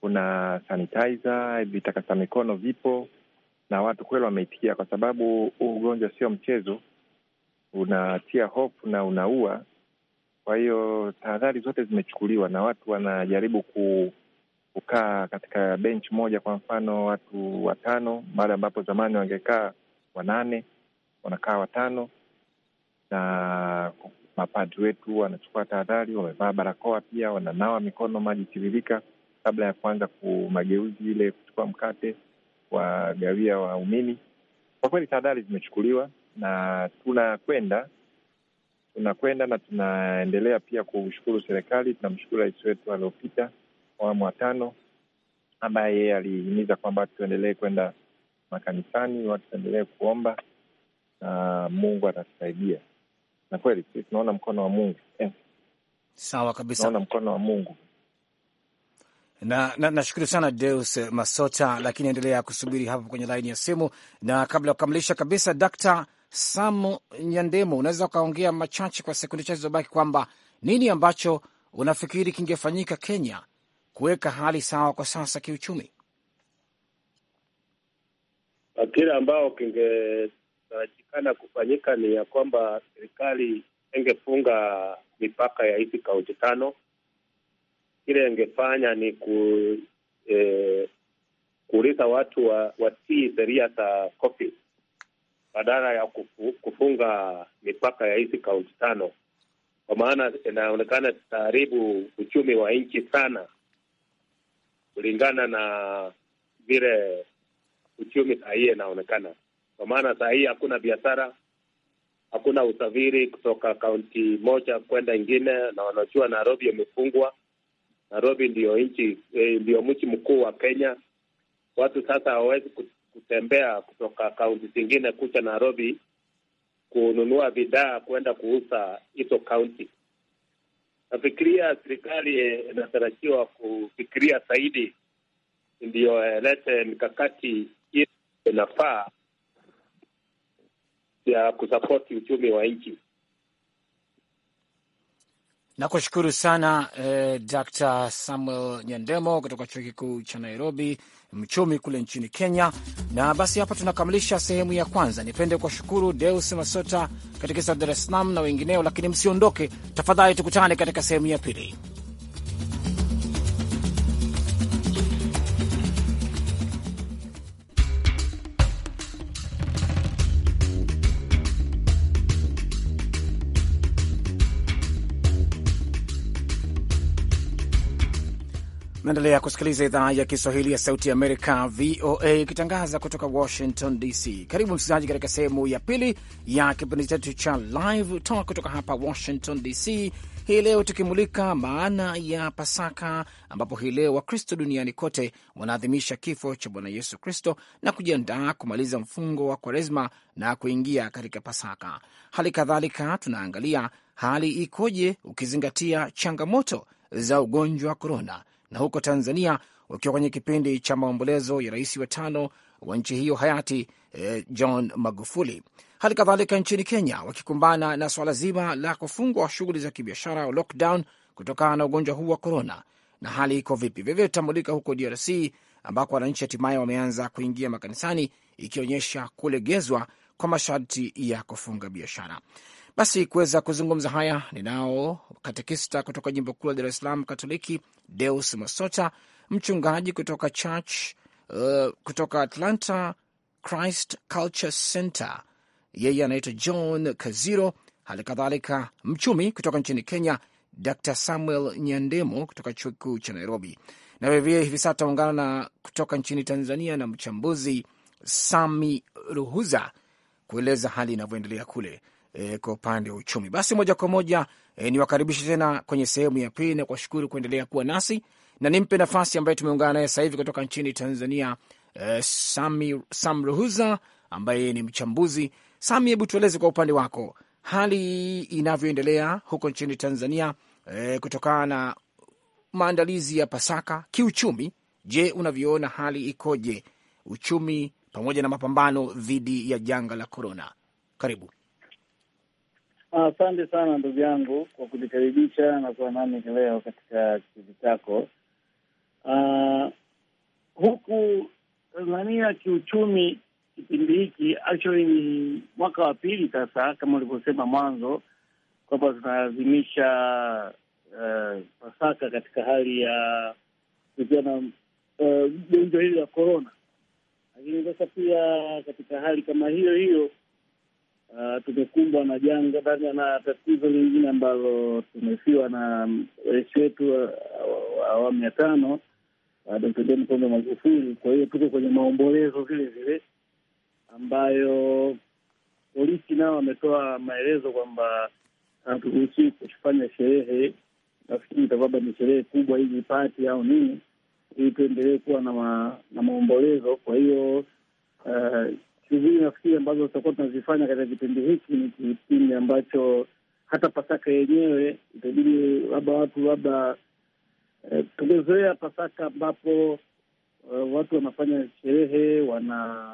kuna sanitizer, vitakasa mikono vipo, na watu kweli wameitikia, kwa sababu huu ugonjwa sio mchezo, unatia hofu na unaua. Kwa hiyo tahadhari zote zimechukuliwa na watu wanajaribu ku kukaa katika benchi moja, kwa mfano watu watano, mahali ambapo zamani wangekaa wanane, wanakaa watano, na mapadri wetu wanachukua tahadhari, wamevaa barakoa pia, wananawa mikono maji tiririka kabla ya kuanza kumageuzi ile kuchukua mkate wa gawia waumini. Kwa kweli tahadhari zimechukuliwa na tunakwenda tunakwenda na tunaendelea pia kushukuru serikali. Tunamshukuru rais wetu aliopita awamu wa tano, ambaye yeye alihimiza kwamba tuendelee kwenda makanisani, watu tuendelee kuomba na Mungu atatusaidia. Na kweli sisi tunaona mkono wa Mungu eh. Sawa kabisa, naona mkono wa Mungu na nashukuru na sana Deus Masota, lakini endelea kusubiri hapo kwenye laini ya simu. Na kabla ya kukamilisha kabisa, Dkt. Sam Nyandemo, unaweza ukaongea machache kwa sekunde chache zilizobaki, kwamba nini ambacho unafikiri kingefanyika Kenya kuweka hali sawa kwa sasa kiuchumi? Kile ambao kingetarajikana kufanyika ni ya kwamba serikali ingefunga mipaka ya hizi kaunti tano. Kile ingefanya ni ku, eh, kuuliza watu wa, watii sheria za COVID badala ya kufu, kufunga mipaka ya hizi kaunti tano, kwa maana inaonekana zitaharibu uchumi wa nchi sana, kulingana na vile uchumi saa hii inaonekana, kwa maana saa hii hakuna biashara, hakuna usafiri kutoka kaunti moja kwenda ingine, na wanajua Nairobi imefungwa. Nairobi ndio nchi eh, ndio mji mkuu wa Kenya. Watu sasa hawawezi kutembea kutoka kaunti zingine kucha Nairobi kununua bidhaa kwenda kuuza hizo kaunti. Nafikiria serikali eh, inatarajiwa kufikiria zaidi, ndiyo ilete eh, mikakati inafaa ya kusapoti uchumi wa nchi. Nakushukuru sana eh, Dr. Samuel Nyandemo kutoka chuo kikuu cha Nairobi, mchumi kule nchini Kenya. Na basi hapa tunakamilisha sehemu ya kwanza. Nipende kuwashukuru Deus Masota katika Dar es Salaam na wengineo, lakini msiondoke tafadhali, tukutane katika sehemu ya pili. Unaendelea kusikiliza idhaa ya Kiswahili ya Sauti Amerika, VOA, ikitangaza kutoka Washington DC. Karibu msikilizaji, katika sehemu ya pili ya kipindi chetu cha Live Talk kutoka hapa Washington DC, hii leo tukimulika maana ya Pasaka, ambapo hii leo Wakristo duniani kote wanaadhimisha kifo cha Bwana Yesu Kristo na kujiandaa kumaliza mfungo wa Kwaresma na kuingia katika Pasaka. Hali kadhalika tunaangalia hali ikoje ukizingatia changamoto za ugonjwa wa korona na huko Tanzania wakiwa kwenye kipindi cha maombolezo ya rais wa tano wa nchi hiyo hayati eh, John Magufuli. Hali kadhalika nchini Kenya wakikumbana na swala zima la kufungwa shughuli za kibiashara lockdown, kutokana na ugonjwa huu wa korona. Na hali iko vipi? Vivyo tambulika huko DRC ambako wananchi hatimaye wameanza kuingia makanisani, ikionyesha kulegezwa kwa masharti ya kufunga biashara. Basi kuweza kuzungumza haya ninao katekista kutoka jimbo kuu la Dar es Salaam Katoliki, Deus Masota, mchungaji kutoka church uh, kutoka Atlanta Christ Culture Center, yeye anaitwa John Kaziro, hali kadhalika mchumi kutoka nchini Kenya, Dr Samuel Nyandemo kutoka chuo kikuu cha Nairobi, na vilevile hivi sasa taungana na kutoka nchini Tanzania na mchambuzi Sami Ruhuza kueleza hali inavyoendelea kule e, kwa upande wa uchumi. Basi moja kwa moja e, niwakaribishe tena kwenye sehemu ya pili na kuwashukuru kuendelea kuwa nasi na nimpe nafasi ambaye tumeungana naye sasa hivi kutoka nchini Tanzania e, Sami Samruhuza ambaye ni mchambuzi. Sami, hebu tueleze kwa upande wako hali inavyoendelea huko nchini Tanzania e, kutokana na maandalizi ya Pasaka kiuchumi. Je, unavyoona hali ikoje uchumi pamoja na mapambano dhidi ya janga la korona? Karibu. Ah, asante sana ndugu yangu kwa kunikaribisha na kuwa nami leo katika kipindi chako. Uh, huku Tanzania kiuchumi kipindi hiki actually ni mwaka wa pili sasa, kama ulivyosema mwanzo kwamba tunaadhimisha uh, Pasaka katika hali ya ikiwa na eh, gonjwa uh, hili la korona, lakini sasa pia katika hali kama hiyo hiyo Uh, tumekumbwa na janga ndani na tatizo lingine ambalo tumefiwa na rais wetu wa awamu ya tano uh, John Pombe Magufuli. Kwa hiyo tuko kwenye maombolezo vile vile ambayo polisi nao wametoa maelezo kwamba haturuhusiwi kufanya sherehe. Nafikiri itakuwa ni sherehe kubwa hizi pati au nini, ili tuendelee kuwa na, ma, na maombolezo. Kwa hiyo uh, shughuli nafikiri ambazo tutakuwa tunazifanya katika kipindi hiki ni kipindi ambacho hata Pasaka yenyewe itabidi labda watu labda eh, tumezoea Pasaka ambapo eh, watu wanafanya sherehe, wana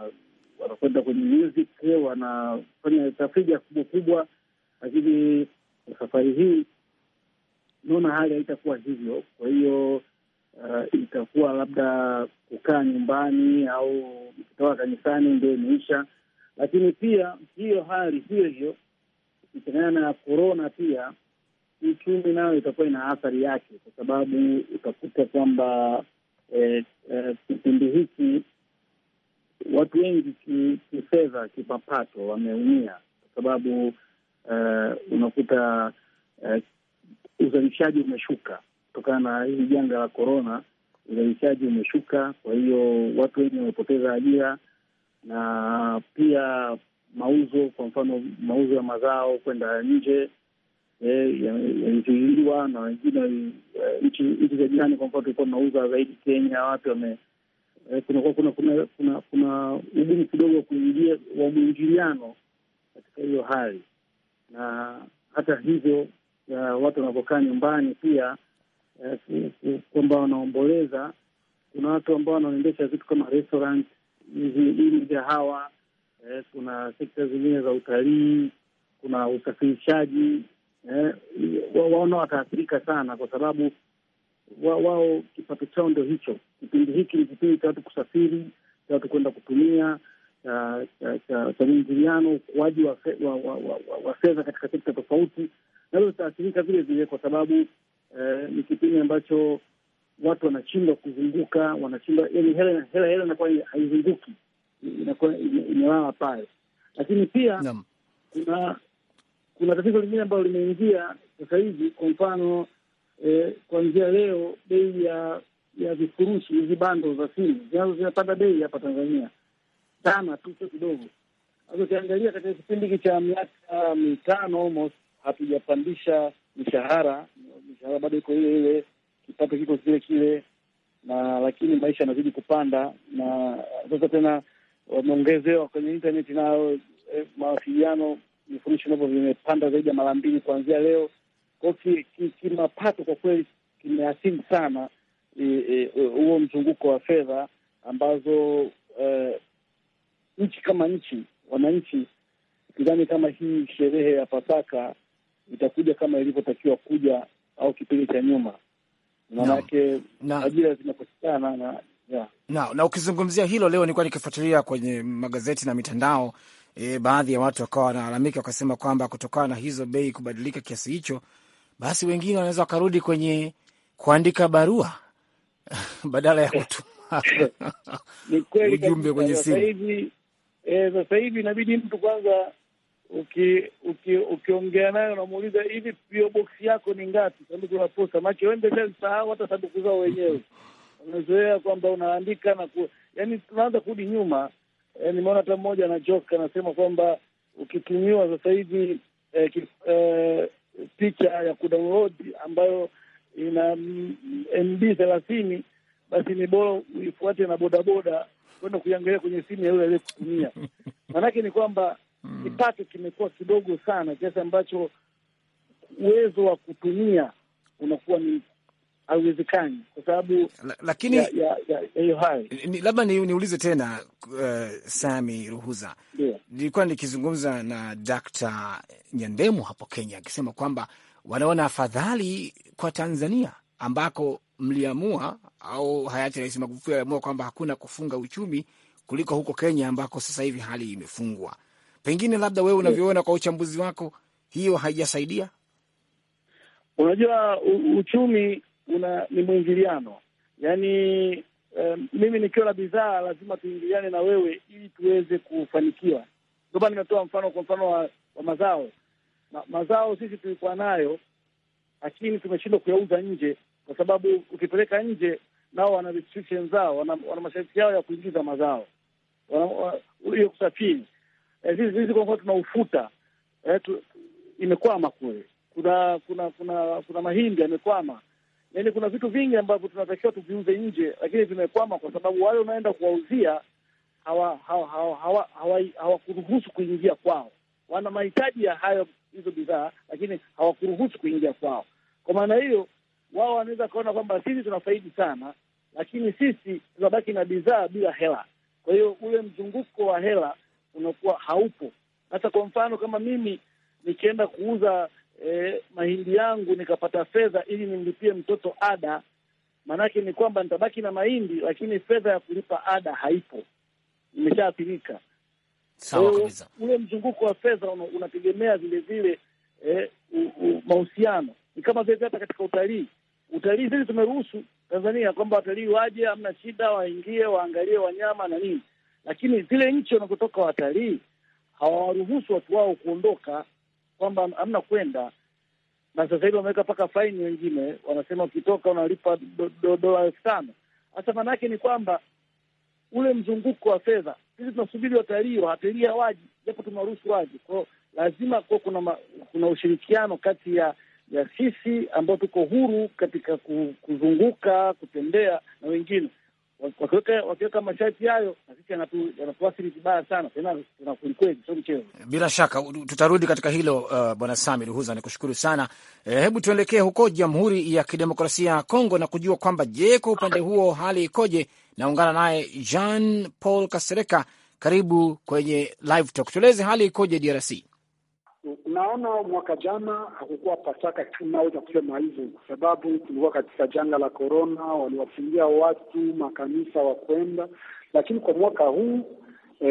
wanakwenda kwenye music, wanafanya tafrija kubwa kubwa, lakini safari hii naona hali haitakuwa hivyo. Kwa hiyo uh, itakuwa labda kukaa nyumbani au kutoka kanisani ndio imeisha. Lakini pia hiyo hali hiyo hiyo ikitokana na korona, pia uchumi nayo itakuwa ina athari yake, kwa sababu utakuta kwamba kipindi eh, eh, hiki watu wengi kifedha, ki kipapato wameumia, kwa sababu eh, unakuta eh, uzalishaji umeshuka kutokana na hili janga la korona, uzalishaji umeshuka. Kwa hiyo watu wengi wamepoteza ajira na pia mauzo, kwa mfano mauzo ya mazao kwenda nje eh, yalizuiliwa na wengine eh, nchi za jirani. Kwa mfano tulikuwa tunauza zaidi Kenya, watu wame eh, kunakuwa kuna kuna kuna kuna ugumu kidogo wa mwingiliano katika hiyo hali, na hata hivyo watu wanavyokaa nyumbani pia Eh, kwamba wanaomboleza. Kuna watu ambao wanaendesha vitu kama restaurant hizi eh, kuna sekta zingine za utalii, kuna usafirishaji eh, waona wataathirika sana, kwa sababu wao kipato chao ndo hicho. Kipindi hiki ni kipindi cha watu kusafiri, cha watu kwenda kutumia, cha mwingiliano, ukuaji wa fedha katika sekta tofauti, nazo zitaathirika vile vile, kwa sababu Eh, ni kipindi ambacho watu wanashindwa kuzunguka, wanashindwa yani, hela hela inakuwa haizunguki, inakuwa imelala pale. Lakini pia Nam. kuna kuna tatizo lingine ambalo limeingia sasa hivi, kwa mfano eh, kuanzia leo bei ya ya vifurushi hizi bando za simu zinazo zinapanda bei hapa Tanzania sana tu, sio kidogo. Sasa ukiangalia katika kipindi hiki cha miaka mitano almost hatujapandisha mishahara mishahara bado iko ile ile, kipato kiko kile kile, na lakini maisha yanazidi kupanda, na sasa tena wameongezewa kwenye internet nayo eh, mawasiliano vifurushi navyo vimepanda zaidi ya mara mbili kuanzia leo. Kwa hiyo kimapato kwa kweli kimeathiri sana eh, eh, huo e, e, mzunguko wa fedha ambazo e, nchi kama nchi wananchi kidhani kama hii sherehe ya Pasaka itakuja kama ilivyotakiwa kuja au kipindi cha nyuma, maanake ajira zimekosekana na yeah. Na, na ukizungumzia hilo leo nilikuwa nikifuatilia kwenye magazeti na mitandao e, baadhi ya watu wakawa wanalalamika wakasema kwamba kutokana na hizo bei kubadilika kiasi hicho, basi wengine wanaweza wakarudi kwenye kuandika barua <laughs> badala ya kutuma <laughs> <laughs> ujumbe kwenye simu. Eh, sasa hivi inabidi mtu kwanza uki- uki- ukiongea naye unamuuliza hivi PO box yako ni ngapi, sanduku la posta. Maake wende sahau hata sanduku zao wenyewe, unazoea kwamba unaandika na ku, yani tunaanza kurudi nyuma. E, nimeona hata mmoja anajoka anasema kwamba ukitumiwa sasa hivi e, e, picha ya kudownload ambayo ina MB mm, thelathini basi ni bora uifuate na bodaboda kwenda kuiangalia kwenye simu ya yule aliyekutumia. <laughs> Maanake ni kwamba Mm. kipato kimekuwa kidogo sana kiasi ambacho uwezo wa kutumia unakuwa ni haiwezekani kwa sababu lakini hiyo hali labda ni, niulize tena uh, Sami Ruhuza yeah. nikizungumza na Dr. Nyandemo hapo Kenya akisema kwamba wanaona afadhali kwa Tanzania ambako mliamua au hayati Rais Magufuli aliamua kwamba hakuna kufunga uchumi kuliko huko Kenya ambako sasa hivi hali imefungwa pengine labda wewe unavyoona kwa uchambuzi wako, hiyo haijasaidia? Unajua uchumi una ni mwingiliano, yaani um, mimi nikiwa na bidhaa lazima tuingiliane na wewe ili tuweze kufanikiwa. Ndio maana nimetoa mfano, kwa mfano wa, wa mazao ma, mazao sisi tulikuwa nayo, lakini tumeshindwa kuyauza nje kwa sababu ukipeleka nje nao wana restrictions zao, wana, wana masharti yao ya kuingiza mazao, hiyo kusafiri Eh, sisi kwa tunaufuta eh, tu, imekwama kule. Kuna kuna kuna kuna mahindi yamekwama, yaani kuna vitu vingi ambavyo tunatakiwa tuviuze nje, lakini vimekwama kwa sababu wale unaenda kuwauzia hawakuruhusu hawa, hawa, hawa, hawa, hawa kuingia kwao. Wana mahitaji ya hayo hizo bidhaa, lakini hawakuruhusu kuingia kwao. Kwa maana hiyo, wao wanaweza kaona kwamba sisi tunafaidi sana, lakini sisi tunabaki na bidhaa bila hela. Kwa hiyo ule mzunguko wa hela unakuwa haupo. Hata kwa mfano kama mimi nikienda kuuza eh, mahindi yangu nikapata fedha ili nimlipie mtoto ada, maanake ni kwamba nitabaki na mahindi, lakini fedha ya kulipa ada haipo, nimeshaathirika. Sawa kabisa. Ule mzunguko wa fedha unategemea vilevile eh, mahusiano. Ni kama vile hata katika utalii, utalii sisi tumeruhusu Tanzania kwamba watalii waje, hamna shida, waingie waangalie wanyama na nini, lakini zile nchi wanakotoka watalii hawawaruhusu watu wao kuondoka, kwamba hamna kwenda. Na sasa hivi wameweka mpaka faini, wengine wanasema ukitoka unalipa dola elfu tano. Hasa maana yake ni kwamba ule mzunguko wa fedha, sisi tunasubiri watalii, wawatalii hawaji, japo tunawaruhusu waje kwao. Lazima kuwa kuna kuna ushirikiano kati ya ya sisi ambao tuko huru katika kuzunguka kutembea na wengine wakiweka masharti hayo na sisi yanatuathiri vibaya sana, tena tuna kweli, sio mchezo. Bila shaka tutarudi katika hilo. Uh, bwana Sami Ruhuza, nikushukuru sana. Eh, hebu tuelekee huko Jamhuri ya Kidemokrasia ya Kongo na kujua kwamba, je, kwa upande huo hali ikoje? Naungana naye Jean Paul Kasereka, karibu kwenye live talk, tueleze hali ikoje DRC. Naona mwaka jana hakukuwa Pasaka, tunaweza kusema hivyo kwa sababu tulikuwa katika janga la korona, waliwafungia watu makanisa wa kwenda, lakini kwa mwaka huu e,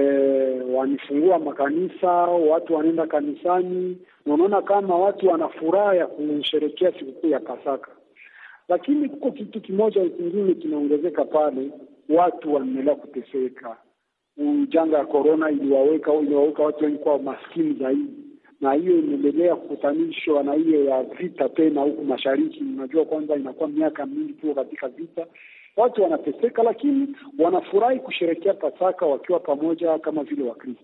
wanifungua makanisa, watu wanaenda kanisani, na unaona kama watu wana furaha ya kusherekea sikukuu ya Pasaka. Lakini kuko kitu kimoja kingine kinaongezeka pale, watu wanaendelea kuteseka. Janga ya korona iliwaweka iliwaweka watu wengi kwa maskini zaidi na hiyo imeendelea kukutanishwa na hiyo ya vita tena huku mashariki. Unajua kwanza inakuwa miaka mingi tuko katika vita, watu wanateseka, lakini wanafurahi kusherekea Pasaka wakiwa pamoja kama vile Wakristo.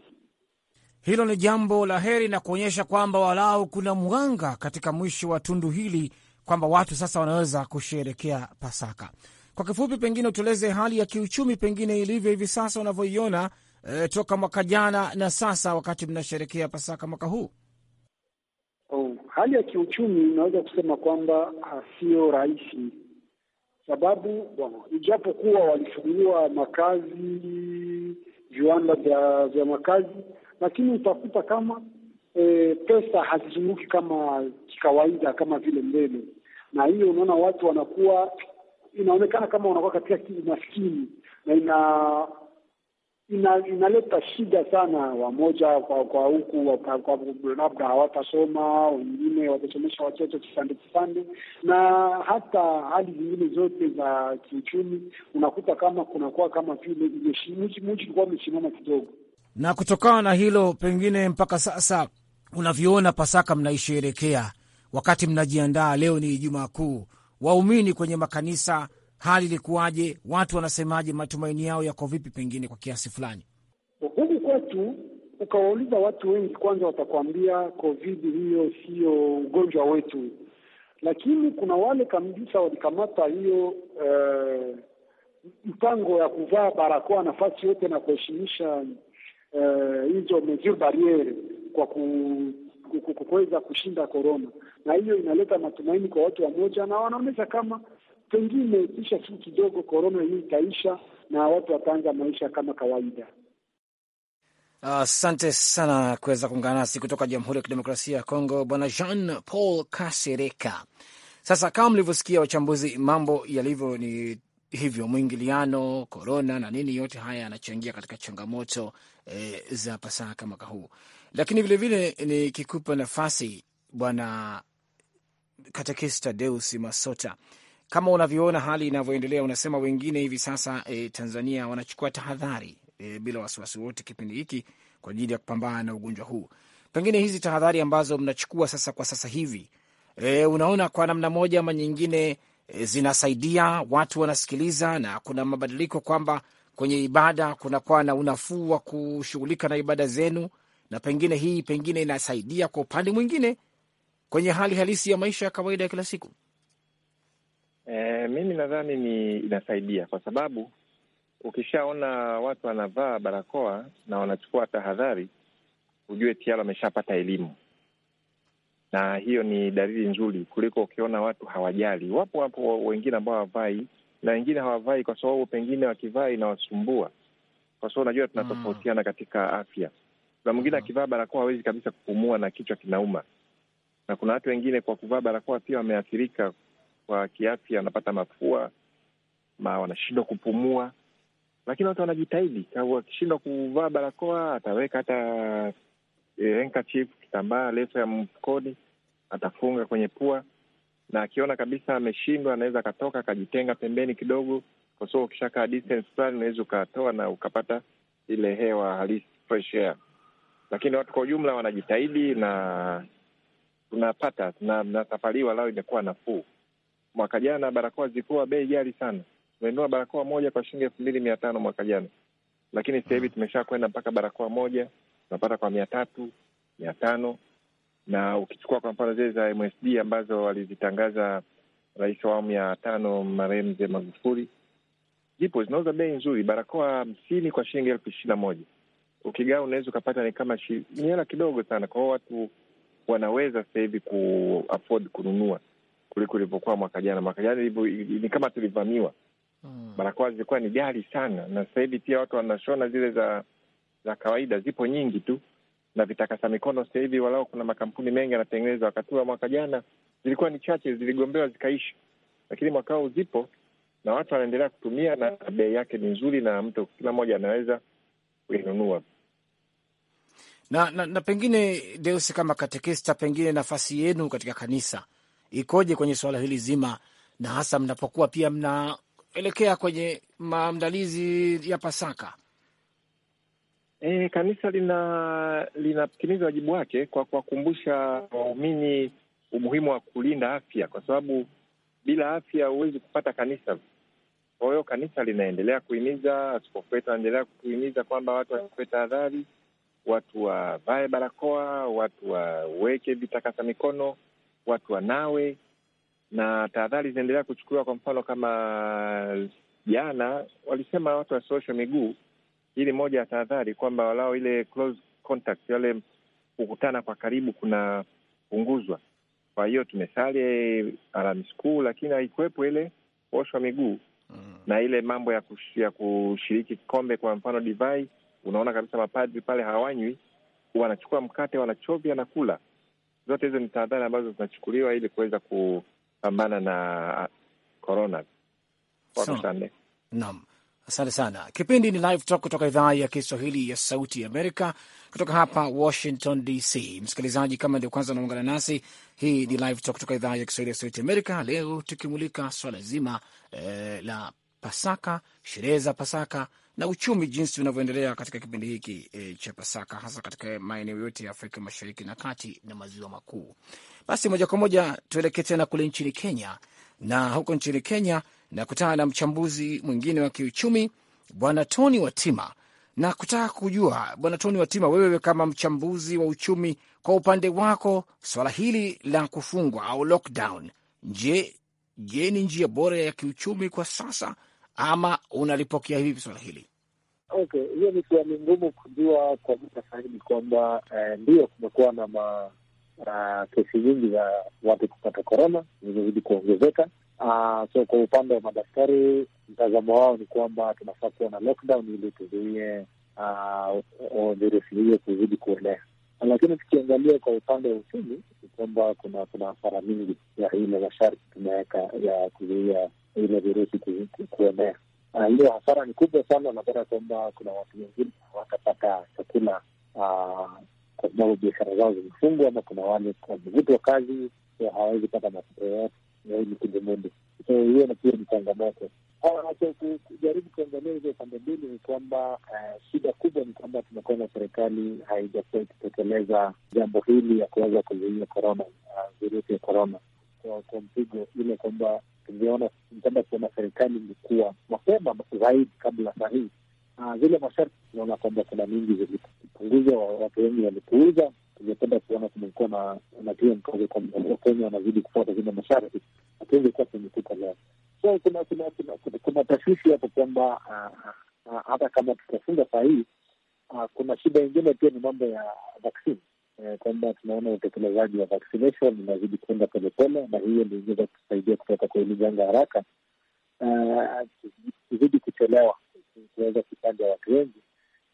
Hilo ni jambo la heri na kuonyesha kwamba walau kuna mwanga katika mwisho wa tundu hili, kwamba watu sasa wanaweza kusherekea Pasaka. Kwa kifupi, pengine utueleze hali ya kiuchumi pengine ilivyo hivi sasa unavyoiona, e, toka mwaka jana na sasa, wakati mnasherekea Pasaka mwaka huu. Oh, hali ya kiuchumi unaweza kusema kwamba ah, sio rahisi, sababu ijapokuwa walifunguliwa makazi, viwanda vya vya makazi, lakini utakuta kama e, pesa hazizunguki kama kikawaida kama vile mbele, na hiyo unaona watu wanakuwa, inaonekana kama wanakuwa katika umaskini na ina ina, inaleta shida sana. Wamoja kwa kwa huku labda hawatasoma, wengine watasomesha watoto kipande kipande, na hata hali zingine zote za kiuchumi unakuta kama kunakuwa kama vile mji ulikuwa umesimama kidogo. Na kutokana na hilo, pengine mpaka sasa unavyoona Pasaka mnaisherekea wakati mnajiandaa, leo ni Ijumaa Kuu, waumini kwenye makanisa hali ilikuwaje? Watu wanasemaje? matumaini yao yako vipi? Pengine kwa kiasi fulani huku kwetu ukawauliza watu wengi, kwanza watakuambia covid hiyo siyo ugonjwa wetu, lakini kuna wale kabisa walikamata hiyo eh, mpango ya kuvaa barakoa nafasi yote na kuheshimisha eh, hizo eh, mesure barriere kwa kuweza kushinda korona, na hiyo inaleta matumaini kwa watu wamoja, na wanaonyesha kama pengine kisha tu kidogo korona hii itaisha na watu wataanza maisha kama kawaida. Asante uh, sana kuweza kuungana nasi kutoka Jamhuri ya Kidemokrasia ya Kongo, Bwana Jean Paul Kasereka. Sasa kama mlivyosikia wachambuzi, mambo yalivyo ni hivyo, mwingiliano korona na nini, yote haya yanachangia katika changamoto e, za Pasaka mwaka huu, lakini vilevile nikikupa nafasi Bwana Katekista Deus Masota kama unavyoona hali inavyoendelea, unasema wengine hivi sasa e, Tanzania wanachukua tahadhari e, bila wasiwasi wote kipindi hiki kwa ajili ya kupambana na ugonjwa huu. Pengine hizi tahadhari ambazo mnachukua sasa kwa sasa hivi e, unaona kwa namna moja ama nyingine e, zinasaidia watu wanasikiliza, na kuna mabadiliko kwamba kwenye ibada kunakuwa na unafuu wa kushughulika na ibada zenu, na pengine hii pengine inasaidia kwa upande mwingine kwenye hali halisi ya maisha ya kawaida ya kila siku. E, mimi nadhani ni inasaidia kwa sababu ukishaona watu wanavaa barakoa na wanachukua tahadhari, ujue tayari wameshapata elimu, na hiyo ni dalili nzuri kuliko ukiona watu hawajali. Wapo wapo wengine ambao hawavai na wengine hawavai kwa sababu pengine wakivaa inawasumbua, kwa sababu unajua tunatofautiana mm, katika afya. Kuna mwingine mm. akivaa barakoa hawezi kabisa kupumua na kichwa kinauma, na kuna watu wengine kwa kuvaa barakoa pia wameathirika kwa kiafya, wanapata mafua ma wanashindwa kupumua, lakini watu wanajitahidi. Wakishindwa kuvaa barakoa, ataweka hata e, handkerchief, kitambaa, leso ya mfukoni, atafunga kwenye pua, na akiona kabisa ameshindwa, anaweza akatoka akajitenga pembeni kidogo, kwa sababu ukishakaa distance fulani unaweza ukatoa na ukapata ile hewa halisi, fresh air. Lakini watu kwa ujumla wanajitahidi na tunapata na, na safari hii walau imekuwa nafuu mwaka jana barakoa zilikuwa bei ghali sana. Tumenunua barakoa moja kwa shilingi elfu mbili mia tano mwaka jana, lakini sasa hivi tumesha kwenda mpaka barakoa moja tunapata kwa mia tatu mia tano na ukichukua kwa mfano zile za MSD ambazo walizitangaza rais wa awamu ya tano marehemu mzee Magufuli, zipo zinauza bei nzuri, barakoa hamsini kwa shilingi elfu ishirini na moja ukigaa unaweza ukapata ni kama ni hela kidogo sana. Kwa hiyo watu wanaweza sasa hivi kununua kuliko ilivyokuwa mwaka jana. Mwaka jana ni kama tulivamiwa mm. Barakoa zilikuwa ni gari sana, na sasa hivi pia watu wanashona zile za za kawaida, zipo nyingi tu na vitakasa mikono sasa hivi walau kuna makampuni mengi yanatengeneza. Wakati wa mwaka jana zilikuwa ni chache, ziligombewa zikaisha, lakini mwaka huu zipo na watu wanaendelea kutumia na bei yake ni nzuri, na mtu kila mmoja anaweza kuinunua. Na, na, na pengine Deus, kama katekista, pengine nafasi yenu katika kanisa ikoje kwenye suala hili zima, na hasa mnapokuwa pia mnaelekea kwenye maandalizi ya Pasaka? E, kanisa lina linatimiza wajibu wake kwa kuwakumbusha waumini umuhimu wa kulinda afya, kwa sababu bila afya huwezi kupata kanisa. Kwa hiyo kanisa linaendelea kuhimiza, askofu wetu anaendelea kuhimiza kwamba watu wachukue tahadhari, watu wavae barakoa, watu waweke vitakasa mikono, watu wanawe, na tahadhari zinaendelea kuchukuliwa. Kwa mfano kama jana walisema watu wasioshe miguu, hii ni moja ya tahadhari kwamba walao ile close contact, wale kukutana kwa karibu kunapunguzwa. Kwa hiyo tumesali Alhamisi Kuu, lakini haikuwepo ile kuoshwa miguu mm. na ile mambo ya, kush, ya kushiriki kikombe, kwa mfano divai. Unaona kabisa mapadri pale hawanywi, wanachukua mkate wanachovya na kula. Zote hizo ni tahadhari ambazo zinachukuliwa ili kuweza kupambana na korona. Naam, asante sana. Kipindi ni Live Talk kutoka idhaa ya Kiswahili ya Sauti Amerika, kutoka hapa Washington DC. Msikilizaji, kama ndio kwanza unaungana nasi, hii ni Live Talk kutoka idhaa ya Kiswahili ya Sauti Amerika, leo tukimulika swala zima eh, la Pasaka, sherehe za Pasaka na uchumi jinsi unavyoendelea katika kipindi hiki e, cha Pasaka, hasa katika maeneo yote ya Afrika Mashariki na Kati na Maziwa Makuu. Basi moja kwa moja tuelekee tena kule nchini Kenya, na huko nchini Kenya nakutana na mchambuzi mwingine wa kiuchumi Bwana Tony Watima na kutaka kujua, Bwana Tony Watima, wewe kama mchambuzi wa uchumi, kwa upande wako swala hili la kufungwa au lockdown, je, je, ni njia bora ya kiuchumi kwa sasa ama unalipokea hivi swala hili? Okay, hiyo ni kuwa ni ngumu kujua kwa muda sahihi kwamba eh, ndio kumekuwa na ma, uh, kesi nyingi za watu kupata korona zimezidi kuongezeka. Uh, so kwa upande wa madaktari mtazamo wao ni kwamba tunafaa kuwa na lockdown ili tuzuie uh, virusi hiyo kuzidi kuenea, lakini tukiangalia kwa upande wa uchumi ni kwamba kuna kuna hasara mingi ya ile masharti tumeweka ya kuzuia ile virusi kuenea. Hiyo hasara ni kubwa sana. Unapata kwamba kuna watu wengine watapata chakula ah, kwa sababu biashara zao zimefungwa, ama kuna wale wamevutwa kazi, hawawezi pata matokeo yote ya hili kundimundi. So hiyo pia ni changamoto. Ah, kujaribu kuangalia hizo pande mbili ni kwamba eh, shida kubwa ni kwamba tumekuwa na serikali haijakuwa ikitekeleza jambo hili ya kuweza kuzuia korona, ah, virusi ya korona kwa mpigo ile kwamba tungeona kuona serikali ilikuwa mapema zaidi kabla saa hii. Zile ah, masharti tunaona kwamba kuna mingi zilipunguzwa, watu wengi walipuuza. Tungependa kuona kumekuwa na natia mkazo kwamba Wakenya wanazidi kufuata zile masharti, hatungekuwa tumetuka leo. So kuna kuna kuna, kuna tashwishi hapo kwamba ah, ah, hata kama tutafunga saa hii, kuna shida ingine pia ni mambo ya vaksini eh, kwamba tunaona utekelezaji wa vaccination unazidi kuenda polepole, na hiyo ndio ingeweza kutusaidia kutoka kwa hili janga haraka, kuzidi kuchelewa kuweza kuchanja watu wengi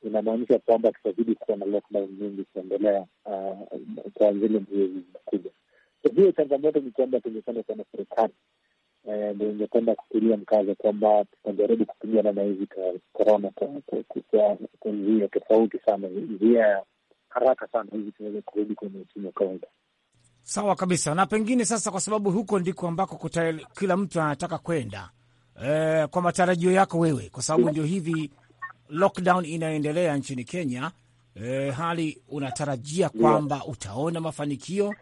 inamaanisha kwamba tutazidi kuwa na lockdown nyingi kuendelea ah, kwa zile miezi zinakuja. Hiyo changamoto ni kwamba tungependa sana serikali eh, ndio ingependa kutulia mkazo kwamba tutajaribu kupigana na hizi korona kwa njia tofauti sana, njia ya haraka sana hivi tunaweza kurudi kwenye uchumi wa kawaida. Sawa kabisa. Na pengine sasa, kwa sababu huko ndiko ambako kila mtu anataka kwenda e, kwa matarajio yako wewe, kwa sababu ndio hivi lockdown inaendelea nchini Kenya e, hali unatarajia kwamba utaona mafanikio?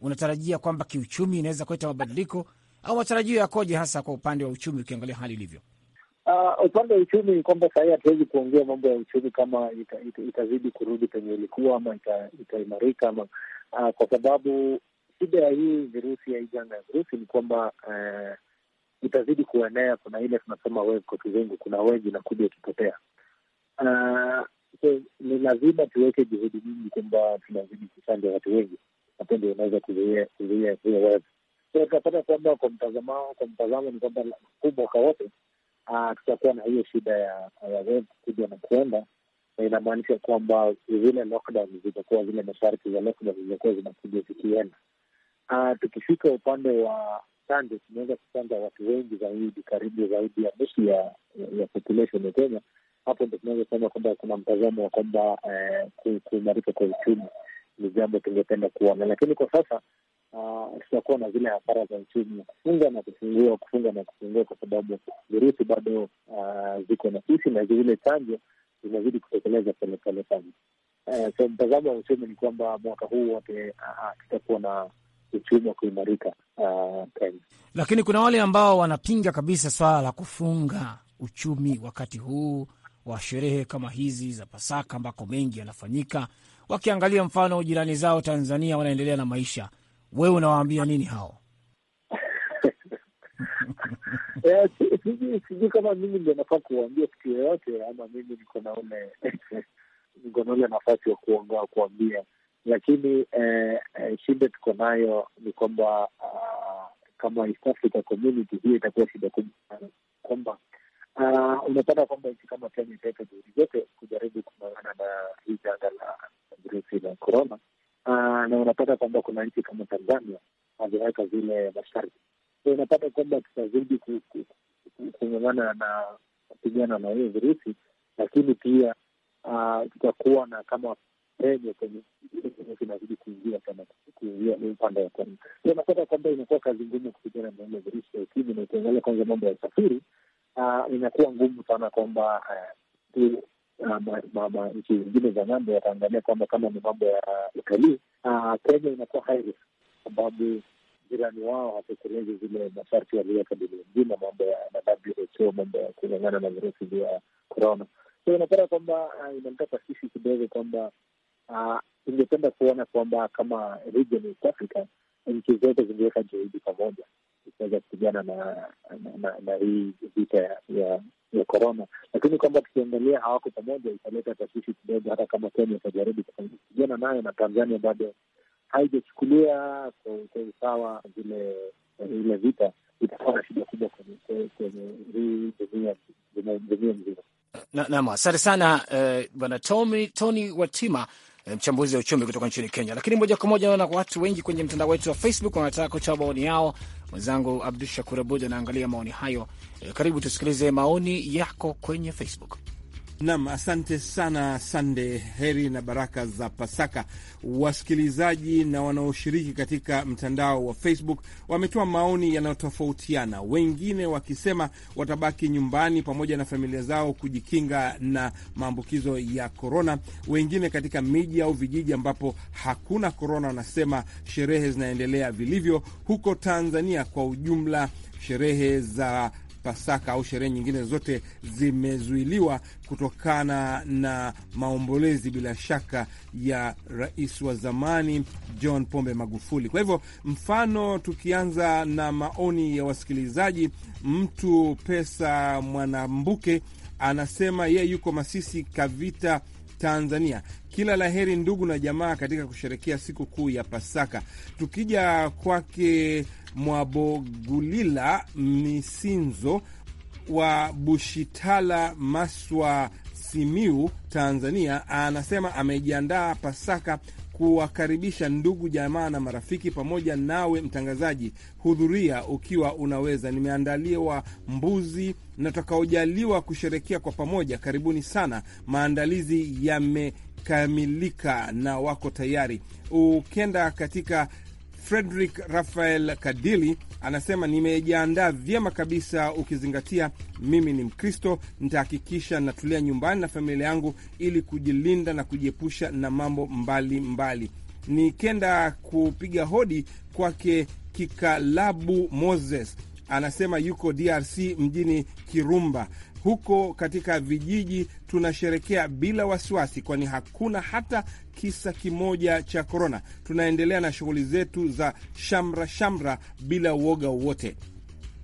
Unatarajia kwamba kiuchumi inaweza kuleta mabadiliko au matarajio yakoje, hasa kwa upande wa uchumi ukiangalia hali ilivyo? Uh, upande wa uchumi kwamba sahii hatuwezi kuongea mambo ya uchumi kama ita, ita, itazidi kurudi penye ilikuwa ama itaimarika ita ama uh, kwa sababu shida ya hii virusi ya hii janga ya virusi ni kwamba uh, itazidi kuenea. Kuna ile tunasema wave kwa kizungu, kuna wengi inakuja ikipotea. Uh, so ni lazima tuweke juhudi nyingi kwamba tunazidi kuchanja watu wengi, hapo ndio unaweza kuzuia hiyo wave. So tunapata kwamba kwa mtazamo, kwa mtazamo ni kwamba kubwa mwaka wote Ah, tutakuwa na hiyo shida ya wave kuja na kuenda, na inamaanisha kwamba zile lockdown zitakuwa zile masharti za lockdown zitakuwa zinakuja zikienda. Ah, tukifika upande wa Sunday, tunaweza kuchanja watu wengi zaidi, karibu zaidi ya nusu ya, ya population ya Kenya. Hapo ndo tunaweza kusema kwamba kuna mtazamo wa kwamba eh, kuimarika kwa uchumi ni jambo tungependa kuona, lakini kwa sasa uh, tutakuwa na zile hasara za uchumi ya kufunga na kufungua, kufunga na kufungua, kwa sababu virusi bado uh, ziko na sisi na zile chanjo zinazidi kutekeleza polepole sana. Uh, eh, so mtazamo wa uchumi ni kwamba mwaka huu wote ah, tutakuwa uh, na uchumi wa kuimarika uh, Kenya, lakini kuna wale ambao wanapinga kabisa swala la kufunga uchumi wakati huu wa sherehe kama hizi za Pasaka ambako mengi yanafanyika, wakiangalia mfano jirani zao Tanzania wanaendelea na maisha wewe unawaambia nini hao? Sijui kama mimi ndio nafaa kuwaambia kitu yoyote ama mimi niko na ule niko na ule nafasi ya kuongoa kuambia, lakini eh, eh, shida tuko nayo ni kwamba uh, kama East Africa Community hiyo itakuwa shida kubwa sana kwamba uh, unapata kwamba nchi kama Kenya itaweka juhudi zote kujaribu kupambana na hii janga la virusi la korona Ah, na unapata kwamba kuna nchi kama Tanzania hazoweka zile masharti, so unapata kwamba tutazidi kung'ang'ana na kupigana na hiyo virusi, lakini pia ah, tutakuwa na kama penye kwenye kinazidi kuingia tena kuingia upande wa Kenya. So unapata kwamba inakuwa kazi ngumu kupigana na ile virusi ya ukimwi, na ukiangalia kwanza mambo ya usafiri ah, inakuwa ngumu sana kwamba eh, nchi zingine za ng'ambo wataangalia kwamba kama ni mambo ya utalii, ah, Kenya inakuwa high risk sababu jirani wao hatekelezi zile masharti waliweka dunia nzima, mambo ya WHO, mambo ya kunyang'ana na virusi vya korona. So inapata kwamba ah, inamtaka sisi kidogo kwamba ingependa ah, kuona kwamba kama region East Africa nchi zote zingeweka juhudi pamoja kuweza kupigana na hii vita ya ya korona, lakini kwamba tukiangalia hawako pamoja italeta tashwishi kidogo, hata kama Kenya itajaribu kupigana nayo, na Tanzania bado haijachukulia kwa usawa vile ile vita, itakuwa na shida kubwa kwenye hii dunia mzima. Naam, asante sana eh, bwana Tony Watima. Eh, mchambuzi wa uchumi kutoka nchini Kenya. Lakini moja kwa moja, naona watu wengi kwenye mtandao wetu wa Facebook wanataka kutoa maoni yao. Mwenzangu Abdu Shakur Abud anaangalia maoni hayo. Eh, karibu tusikilize maoni yako kwenye Facebook. Nam, asante sana Sande. Heri na baraka za Pasaka. Wasikilizaji na wanaoshiriki katika mtandao wa Facebook wametoa maoni yanayotofautiana, wengine wakisema watabaki nyumbani pamoja na familia zao kujikinga na maambukizo ya korona, wengine katika miji au vijiji ambapo hakuna korona wanasema sherehe zinaendelea vilivyo. Huko Tanzania kwa ujumla sherehe za Pasaka au sherehe nyingine zote zimezuiliwa kutokana na maombolezi, bila shaka, ya rais wa zamani John Pombe Magufuli. Kwa hivyo, mfano tukianza na maoni ya wasikilizaji, mtu pesa Mwanambuke anasema yeye yuko Masisi Kavita Tanzania. Kila la heri ndugu na jamaa katika kusherekea siku kuu ya Pasaka. Tukija kwake Mwabogulila Misinzo wa Bushitala, Maswa, Simiu, Tanzania, anasema amejiandaa Pasaka kuwakaribisha ndugu jamaa na marafiki pamoja nawe mtangazaji. Hudhuria ukiwa unaweza. Nimeandaliwa mbuzi na tutakaojaliwa kusherekea kwa pamoja. Karibuni sana, maandalizi yamekamilika na wako tayari. Ukienda katika Frederick Rafael Kadili anasema nimejiandaa vyema kabisa, ukizingatia mimi ni Mkristo. Nitahakikisha natulia nyumbani na familia yangu ili kujilinda na kujiepusha na mambo mbalimbali Nikenda kupiga hodi kwake Kikalabu Moses anasema yuko DRC mjini Kirumba. Huko katika vijiji tunasherekea bila wasiwasi, kwani hakuna hata kisa kimoja cha korona. Tunaendelea na shughuli zetu za shamra shamra bila uoga wowote.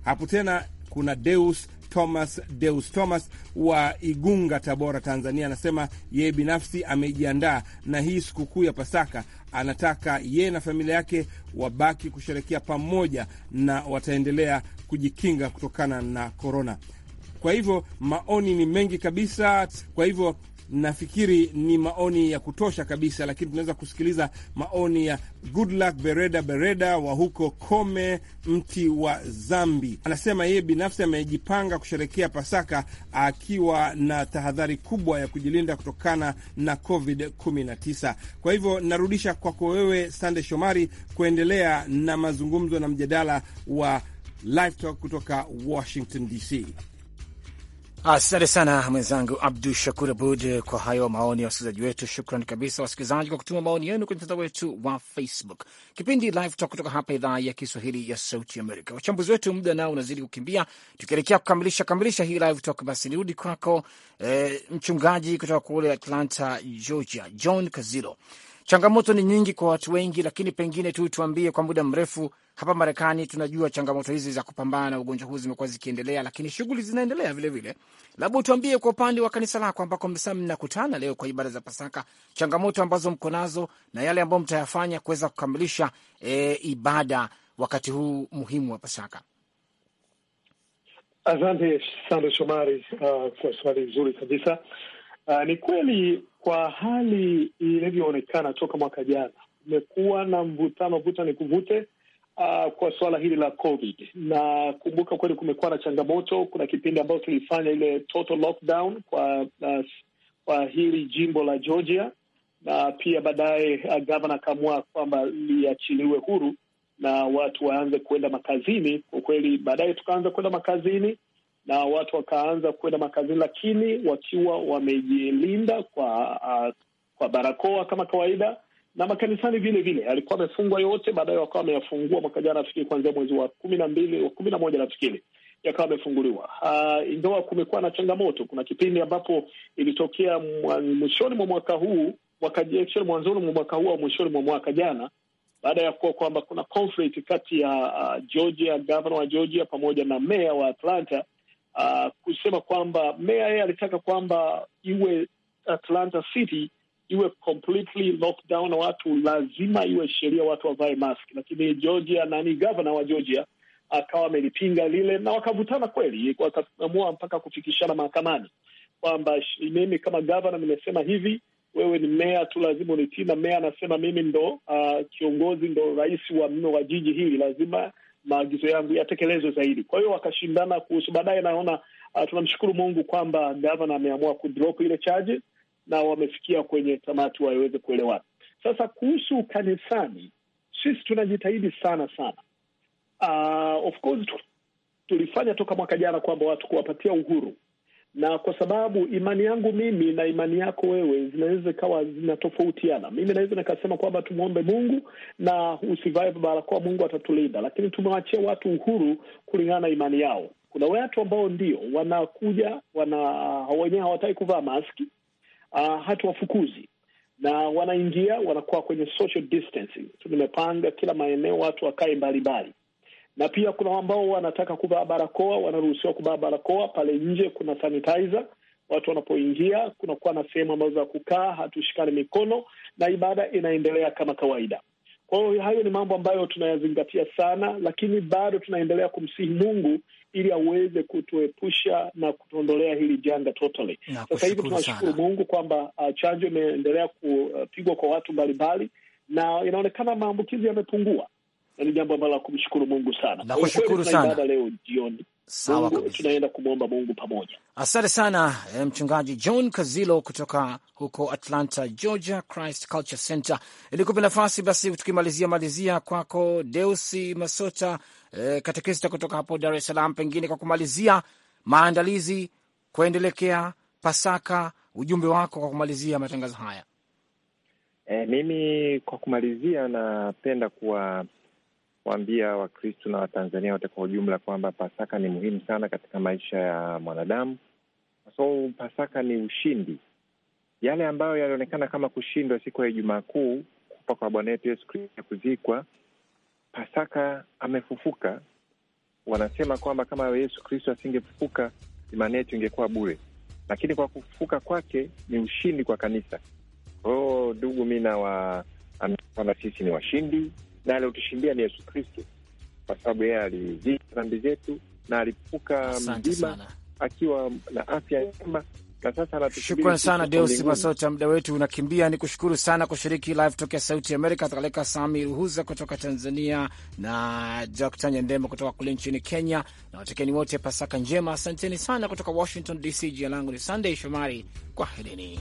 Hapo tena kuna Deus Thomas, Deus Thomas wa Igunga, Tabora, Tanzania, anasema yeye binafsi amejiandaa na hii sikukuu ya Pasaka. Anataka yeye na familia yake wabaki kusherekea pamoja na wataendelea kujikinga kutokana na korona. Kwa hivyo maoni ni mengi kabisa, kwa hivyo nafikiri ni maoni ya kutosha kabisa, lakini tunaweza kusikiliza maoni ya Goodluck Bereda Bereda wa huko Kome mti wa Zambi. Anasema yeye binafsi amejipanga kusherekea Pasaka akiwa na tahadhari kubwa ya kujilinda kutokana na Covid 19. Kwa hivyo narudisha kwako wewe Sande Shomari kuendelea na mazungumzo na mjadala wa Live Talk kutoka Washington DC. Asante sana mwenzangu Abdu Shakur Abud kwa hayo maoni ya wasikilizaji wetu. Shukran kabisa wasikilizaji kwa kutuma maoni yenu kwenye mtandao wetu wa Facebook. Kipindi Live Talk kutoka hapa idhaa ya Kiswahili ya Sauti Amerika. Wachambuzi wetu, muda nao unazidi kukimbia, tukielekea kukamilisha kamilisha hii Live Talk, basi nirudi kwako eh, mchungaji kutoka kule Atlanta, Georgia, John Kazilo. Changamoto ni nyingi kwa watu wengi, lakini pengine tu tuambie, kwa muda mrefu hapa Marekani tunajua changamoto hizi za kupambana na ugonjwa huu zimekuwa zikiendelea, lakini shughuli zinaendelea vilevile. Labda utuambie kwa upande wa kanisa lako ambako msa mnakutana leo kwa ibada za Pasaka, changamoto ambazo mko nazo na yale ambayo mtayafanya kuweza kukamilisha e, ibada wakati huu muhimu wa Pasaka. Asante Sande Shomari, uh, kwa swali zuri kabisa. Uh, ni kweli kwa hali ilivyoonekana toka mwaka jana, kumekuwa na mvutano, vuta ni kuvute uh, kwa suala hili la COVID na kumbuka, kweli kumekuwa na changamoto. Kuna kipindi ambayo tulifanya ile total lockdown kwa, uh, kwa hili jimbo la Georgia na pia baadaye uh, gavana akaamua kwamba liachiliwe huru na watu waanze kuenda makazini. Kwa kweli, baadaye tukaanza kwenda makazini na watu wakaanza kwenda makazini, lakini wakiwa wamejilinda kwa uh, kwa barakoa kama kawaida, na makanisani vile vile alikuwa amefungwa yote, baadaye wakawa wameyafungua mwaka jana, nafikiri kuanzia mwezi wa kumi na mbili wa kumi na moja nafikiri yakawa amefunguliwa. Uh, ingawa kumekuwa na changamoto. Kuna kipindi ambapo ilitokea mwishoni mwa mwaka huu mwanzoni mwa mwaka huu au mwishoni mwa mwaka jana, baada ya kuwa kwamba kuna conflict kati ya uh, Georgia, gavana wa Georgia pamoja na meya wa Atlanta uh, kusema kwamba meya yeye alitaka kwamba iwe Atlanta City iwe completely lockdown, na watu lazima iwe sheria watu wavae mask, lakini Georgia nani gavana wa Georgia akawa amelipinga lile na wakavutana kweli, wakaamua mpaka kufikishana mahakamani kwamba mimi kama gavana nimesema hivi, wewe ni meya tu, lazima unitii. Na meya anasema mimi ndo uh, kiongozi ndo rais wa mno wa jiji hili, lazima maagizo yangu yatekelezwe zaidi. Kwa hiyo wakashindana kuhusu baadaye. Naona uh, tunamshukuru Mungu kwamba gavana ameamua kudrop ile charges na wamefikia kwenye tamati waweze kuelewana. Sasa kuhusu kanisani, sisi tunajitahidi sana sana. Uh, of course tulifanya toka mwaka jana kwamba watu kuwapatia uhuru na kwa sababu imani yangu mimi na imani yako wewe zinaweza ikawa zinatofautiana. Mimi naweza nikasema kwamba tumwombe Mungu na usivae barakoa, Mungu atatulinda, lakini tumewachia watu uhuru kulingana na imani yao. Kuna watu ambao ndio wanakuja wana wenyewe hawataki kuvaa maski uh, hatuwafukuzi na wanaingia wanakuwa kwenye social distancing. Tumepanga kila maeneo watu wakae mbalimbali na pia kuna ambao wanataka kuvaa barakoa wanaruhusiwa kuvaa barakoa. Pale nje kuna sanitizer, watu wanapoingia kunakuwa na sehemu ambazo za kukaa, hatushikani mikono na ibada inaendelea kama kawaida. Kwa hiyo hayo ni mambo ambayo tunayazingatia sana, lakini bado tunaendelea kumsihi Mungu ili aweze kutuepusha na kutuondolea hili janga totally. Sasa hivi tunashukuru Mungu kwamba uh, chanjo imeendelea kupigwa kwa watu mbalimbali na inaonekana maambukizi yamepungua na ni jambo ambalo la kumshukuru Mungu sana. Nakushukuru sana leo jioni. Sawa kabisa, tunaenda kumwomba Mungu pamoja. Asante sana eh, mchungaji John Kazilo kutoka huko Atlanta, Georgia, Christ Culture Center. Ilikupa nafasi basi, tukimalizia malizia kwako Deusi Masota, eh, katekista kutoka hapo Dar es Salaam, pengine kwa kumalizia maandalizi kuendelekea Pasaka, ujumbe wako kwa kumalizia matangazo haya. E, mimi kwa kumalizia napenda kuwa kuambia Wakristu na Watanzania wote kwa ujumla kwamba Pasaka ni muhimu sana katika maisha ya mwanadamu, kwa sababu so, Pasaka ni ushindi. Yale ambayo yalionekana kama kushindwa siku ya Ijumaa Kuu, kupa kwa Bwana wetu Yesu ya kuzikwa, Pasaka amefufuka. Wanasema kwamba kama Yesu Kristu asingefufuka, imani yetu ingekuwa bure, lakini kwa kufufuka kwake ni ushindi kwa kanisa. Kwa hiyo, ndugu, mi nawaambia kwamba sisi ni washindi na aliotushindia ni Yesu Kristo, kwa sababu yeye alizika dhambi zetu na alipuka mlima akiwa na afya njema. Shukran sana Deus Masota, muda wetu unakimbia. Ni kushukuru sana kushiriki live tokea Sauti ya Amerika, Tukaleka Sami Ruhuza kutoka Tanzania na Dr Nyandema kutoka kule nchini Kenya, na watekeni wote Pasaka njema. Asanteni sana kutoka Washington DC. Jina langu ni Sandey Shomari, kwaherini.